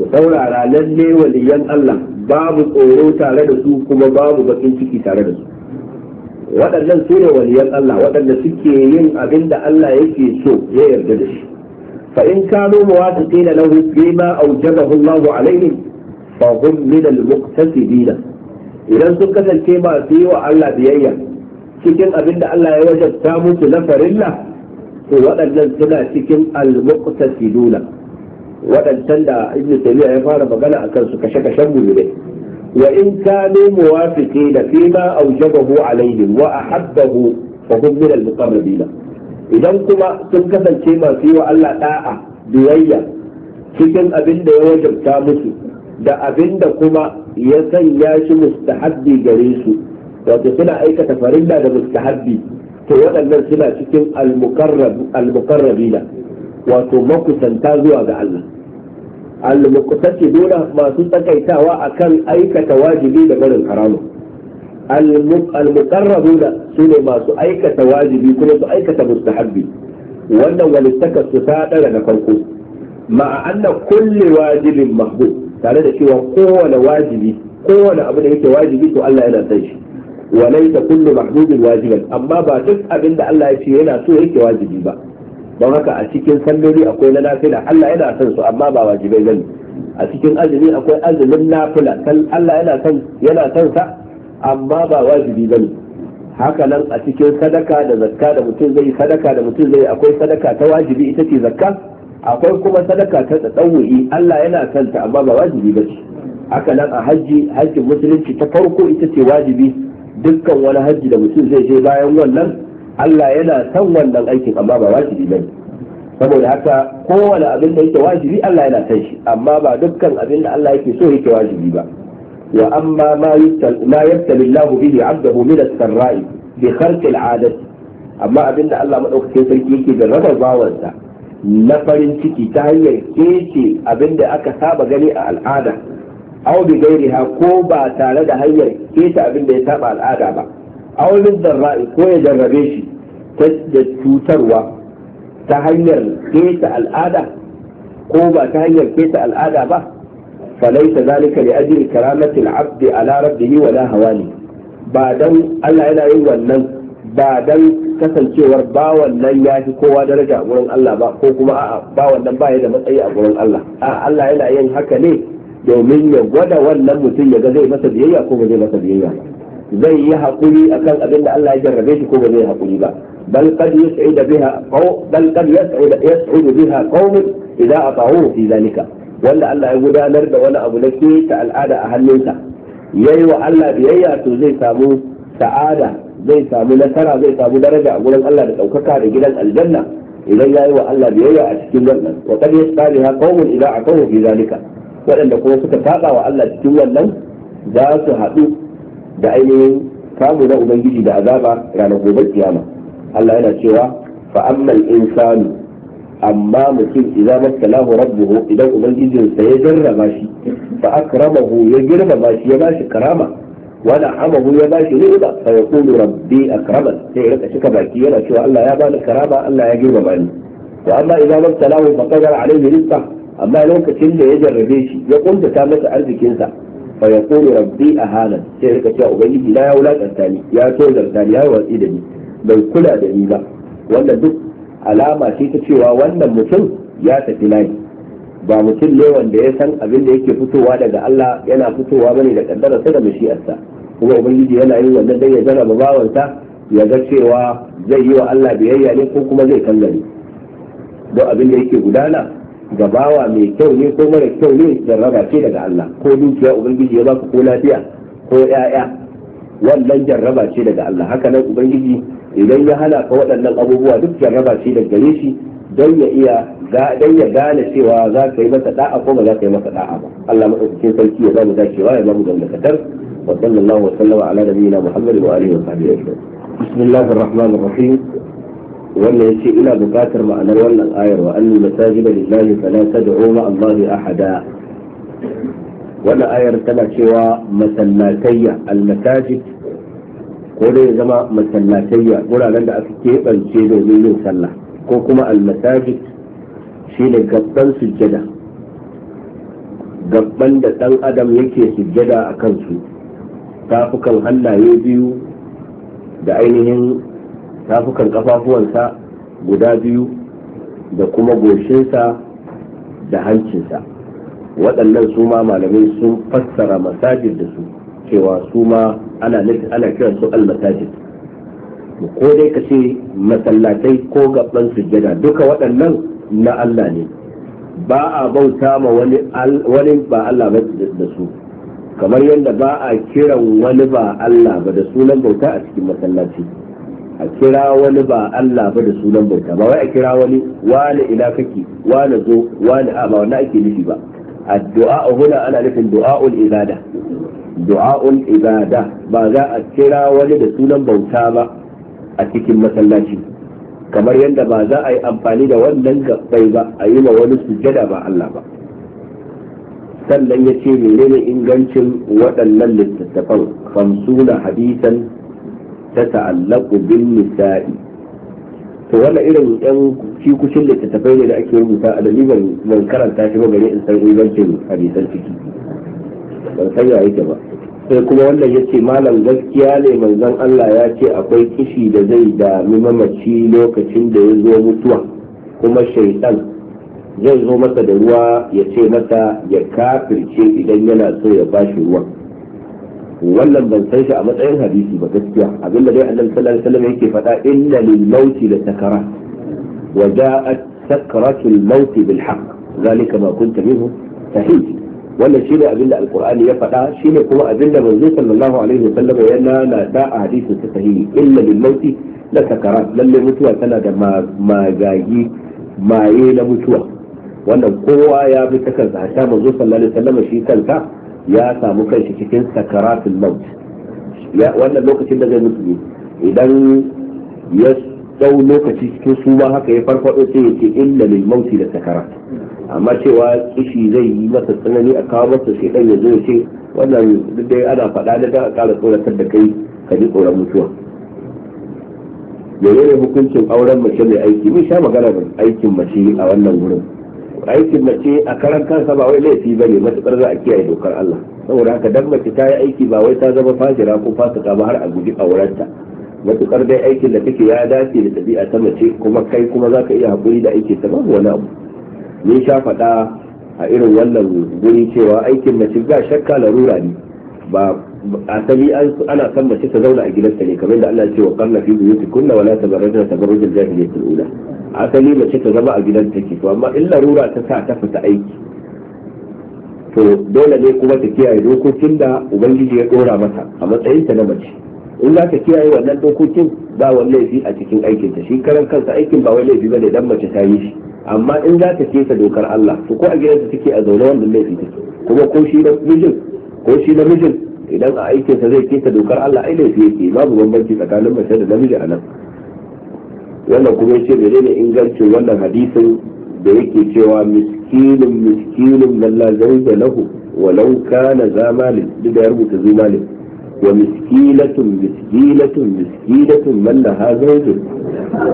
ku saurara lalle waliyan Allah babu tsoro tare da su kuma babu bakin ciki tare da su waɗannan su ne waliyan Allah waɗanda suke yin abinda da Allah yake so ya yarda da shi fa in kanu muwafiqina lahu bima awjabahu Allah alaihim fa hum min al-muqtasidina idan sun kasance masu yi wa Allah biyayya cikin abinda Allah ya wajabta musu na farilla waɗannan suna cikin al-muqtasiduna waɗancan da ibnu taymiya ya fara magana akan su kashe-kashen mu'minai wa in kanu muwafiqina fi ma awjabahu alaihim wa ahabbahu fa hum min al-muqarrabina idan kuma sun kasance masu yi wa Allah da'a biyayya cikin abin da ya wajabta musu da abin da kuma ya sanya shi mustahabbi gare su wato suna aikata farilla da mustahabbi to waɗannan suna cikin almukarrabina wato makusanta zuwa ga Allah almukusaci dole masu tsakaitawa akan aikata wajibi da barin haramun almukarrabuna su ne masu aikata wajibi kuma su aikata mustahabbi wannan walittaka su ta ɗara na farko ma'a anna kulli wajibin mahbub tare da cewa kowane wajibi kowane abu da yake wajibi to Allah yana san shi wa laysa kullu mahdudin wajiban amma ba duk abin da Allah ya ce yana so yake wajibi ba don haka a cikin salloli akwai na nafila Allah yana son su amma ba wajibai bane a cikin azumi akwai azumin nafila Allah yana son yana son sa amma ba wajibi bane haka nan a cikin sadaka da zakka da mutum zai sadaka da mutum zai akwai sadaka ta wajibi ita ce zakka akwai kuma sadaka ta tsawuyi Allah yana son ta amma ba wajibi bace haka nan a hajji hajjin musulunci ta farko ita ce wajibi dukkan wani hajji da mutum zai je bayan wannan Allah yana san wannan aikin amma ba wajibi ne. saboda haka kowane abin da yake wajibi Allah yana san shi amma ba dukkan abin da Allah yake so yake wajibi ba wa amma ma yabtali Allah bihi 'abdahu min as-sarra'i bi kharq al-'adat amma abin da Allah madaukakin sarki yake da rabar bawansa na farin ciki ta hanyar kece abin da aka saba gani a al'ada aw bi gairiha ko ba tare da hanyar keta abin da ya saba al'ada ba aw min darra'i ko ya jarrabe shi da cutarwa ta hanyar keta al'ada ko ba ta hanyar keta al'ada ba falaita zalika li ajli karamati al'abd ala rabbihi wa la hawani ba dan Allah yana yin wannan ba dan kasancewar ba wannan ya fi kowa daraja a gurin Allah ba ko kuma a'a wannan ba ya da matsayi a gurin Allah a'a Allah yana yin haka ne domin ya gwada wannan mutum ya ga zai masa biyayya ko ba zai masa biyayya zai yi hakuri akan abin da Allah ya jarrabe shi ko ba zai hakuri ba bal qad yas'ida biha qaw bal qad yas'ida yas'ida biha qawm idza ata'uhu fi zalika wanda Allah ya gudanar da wani abu na ke ta al'ada a hannunsa yayi wa Allah biyayya to zai samu sa'ada zai samu nasara zai samu daraja a gurin Allah da daukaka da gidan aljanna idan yayi wa Allah biyayya a cikin wannan wa qad yas'ida biha qawm idza ata'uhu fi zalika waɗanda kuma suka saba wa Allah cikin wannan za su haɗu da ainihin kamu na ubangiji da azaba ranar gobe kiyama Allah yana cewa fa ammal insanu amma mutum idan idza mattalahu rabbuhu idan ubangijinsa ya jarraba shi fa akramahu ya girmama shi ya bashi karama wa na'amahu ya bashi ni'ima fa yaqulu rabbi akraman sai ya rika cika baki yana cewa Allah ya bani karama Allah ya girmama ni wa amma idza mattalahu fa qadara alayhi rizqahu amma lokacin da ya jarrabe shi ya kuntata masa arzikinsa fa ya kulu rabbi ahalan sai rika cewa ubangiji na ya wulakanta ni ya tozarta ni ya watsi da ni bai kula da ni ba wanda duk alama ce ta cewa wannan mutum ya tafi layi ba mutum ne wanda ya san abin da yake fitowa daga Allah yana fitowa bane da kaddararsa da mashi'arsa kuma ubangiji yana yin wannan dan ya jarraba bawansa ya ga cewa zai yi wa Allah biyayya ne ko kuma zai kallare don abin da yake gudana ga bawa mai kyau ne ko mara kyau ne jarraba ce daga Allah ko dukiya ubangiji ya baka ko lafiya ko ƴaƴa wannan jarraba ce daga Allah haka nan ubangiji idan ya hana ka waɗannan abubuwa duk jarraba ce daga gare shi don ya iya dan ya gane cewa za ka yi masa da'a ko ba za ka yi masa da'a ba Allah madaukakin sarki ya bamu dacewa ya bamu dangantakar wa sallallahu wa sallama ala nabiyina Muhammad wa alihi wa sahbihi ajma'in بسم الله wannan yace ina buƙatar ma'anar wannan ayar wa annal masajida lillahi fala tad'u ma allahi ahada wannan ayar tana cewa masallatayya almasajid ko dai zama masallatayya guraren da aka keɓance domin yin sallah ko kuma almasajid shine gabban sujjada gabban da ɗan adam yake sujjada a kansu tafukan hannaye biyu da ainihin tafukan kafafuwansa guda biyu da kuma goshinsa da hancinsa waɗannan su ma malamai sun fassara masajid da su cewa su ma ana ana kiran su al-masajid ko dai ka ce masallatai ko gaban sujada duka waɗannan na Allah ne ba a bauta ma wani wani ba Allah ba da su kamar yadda ba a kiran wani ba Allah ba da sunan bauta a cikin masallaci a kira wani ba Allah ba da sunan bauta ba wai a kira wani wani ila kake wani zo wani a ba wani ake nufi ba addu'a huna ana nufin du'a'ul ibada du'a'ul ibada ba za a kira wani da sunan bauta ba a cikin masallaci kamar yadda ba za a yi amfani da wannan gabbai ba a yi ma wani sujada ba Allah ba sannan ya ce menene ingancin waɗannan littattafan famsuna hadisan ta ta'allaku bin nisa'i to wannan irin yan kushin littattafai ne da ake rubuta a dalilin ban karanta shi ba gare in san ingancin hadisan ciki ban san ya yake ba sai kuma wannan ya ce malam gaskiya ne manzon Allah ya ce akwai kishi da zai dami mamaci lokacin da ya zo mutuwa kuma shaitan zai zo masa da ruwa ya ce masa ya kafirce idan yana so ya bashi ruwa. wannan ban san shi a matsayin hadisi ba gaskiya abinda dai annabi sallallahu alaihi wasallam yake faɗa inna lil mauti la sakara wa ja'at sakratul maut bil haqq zalika ma kunta minhu sahih wannan shine abinda alqur'ani ya faɗa shine kuma abinda manzo sallallahu alaihi wasallam ya nana da a hadisin sa sahihi inna lil mauti la sakara lalle mutuwa tana da magagi maye na mutuwa wannan kowa ya bi ta kansa hatta manzo sallallahu alaihi wasallam shi kansa ya samu kanshi cikin sakaratul maut wannan lokacin da zai mutu ne idan ya dau lokaci cikin suma haka ya farfado sai ya ce illa lil mauti da sakara amma cewa kishi zai yi masa tsanani a kawo masa sai dan ya zo ya ce wannan duk dai ana faɗa da a ƙara tsoratar da kai ka ji tsoron mutuwa yare hukuncin auren mace mai aiki mun sha maganar aikin mace a wannan wurin aikin mace a karan kansa ba wai laifi ba ne matuƙar za a kiyaye dokar Allah saboda haka dan mace ta yi aiki ba wai ta zama fajira ko fasika ba har a guji aurenta matuƙar dai aikin da take ya dace da tabi'a ta mace kuma kai kuma za ka iya haƙuri da aikin ta babu wani abu ni sha faɗa a irin wannan guri cewa aikin mace ga shakka larura ne ba asali ana san mace ta zauna a gidanta ne kamar da Allah ya ce wa qarna fi buyutikunna wala tabarrajna tabarruj al-jahiliyyah al-ula asali mace ta zama a gidanta ke to amma in larura ta sa ta fita aiki to dole ne kuma ta kiyaye dokokin da ubangiji ya dora mata a matsayin ta na mace in za ta kiyaye wannan dokokin ba wani laifi a cikin aikin ta shi karan kansa aikin ba wani laifi bane dan mace ta yi shi amma in za ta kesa dokar Allah to ko a gidanta take a zaune wannan laifi take kuma ko shi mijin ko shi mijin idan a aikinsa zai keta dokar Allah ai laifi yake babu bambanci tsakanin mace da namiji a nan wannan kuma yace menene ingancin wannan hadisin da yake cewa miskinun miskinun man la lahu walau kana zamalin duk da ya rubuta zu wa miskilatun miskilatun miskilatun man laha zawjun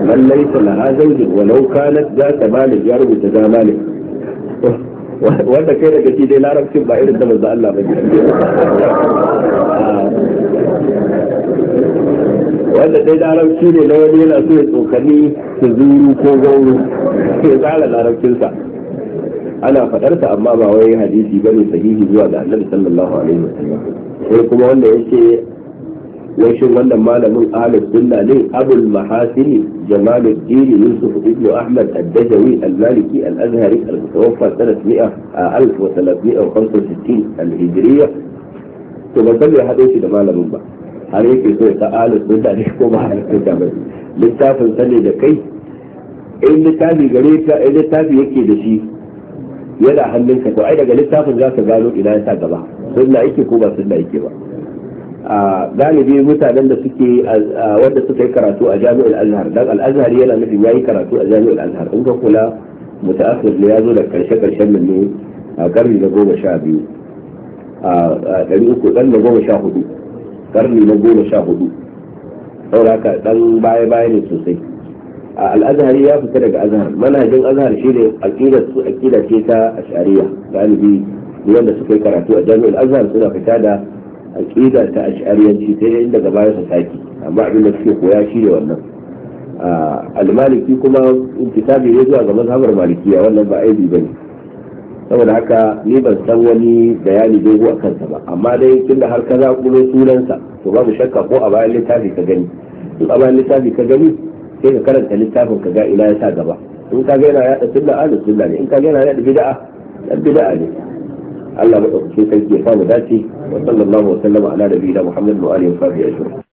man laysa laha zawjun walau kanat za ta malin ya rubuta zamalin. wanda kai daga shi dai larabcin ba irin da manzo Allah ba wanda dai larabci ne na wani yana so ya tsokani su zuru ko gauru ke tsara larabcinsa ana faɗarsa amma ba wai hadisi bane sahihi zuwa ga annabi sallallahu alaihi wasallam sai kuma wanda yake wai shin wannan malamin ahlus sunna ne abul mahasini jamaluddin yusuf ibnu ahmad ad-dajawi al-maliki al-azhari al-mutawaffa sanat 1365 al-hijriya to ba san ya hado shi da malamin ba har yake so ya ta ahlus sunna ne ko ba ahlus sunna ba littafin sani da kai in littafi gare ka in littafi yake da shi yana hannunka to ai daga littafin za ka gano ina ya sa gaba sunna yake ko ba sunna yake ba galibi mutanen da suke wanda suka yi karatu a jami'ar azhar dan al-azhar yana nufin yayi karatu a jami'ar azhar in ka kula mutaakhir ne ya zo da karshe karshen nan ne a karni na goma sha biyu a ɗari uku ɗan na goma sha hudu karni na goma sha hudu sauraka ɗan baya baya ne sosai A azhar ya fita daga azhar manhajin azhar ne aqidar su aqida ce ta shari'a galibi wanda suka yi karatu a jami'ar azhar suna fita da aqida ta ash'ariyanci sai inda gaba ya saki amma abin da suke koya shi ne wannan al-maliki kuma kitabi ne zuwa ga mazhabar malikiya wannan ba aibi bane saboda haka ni ban san wani bayani dogo a kansa ba amma dai tunda har ka sunan sunansa to babu shakka ko a bayan littafi ka gani in a bayan littafi ka gani sai ka karanta littafin ka ga ila ya sa gaba in ka ga yana yaɗa sunna sunna ne in ka ga yana yaɗa bid'a dan bid'a ne Allah madaukakin sarki ya samu dace wa sallallahu wa sallama ala nabiyina Muhammad wa alihi wa sahbihi ajma'in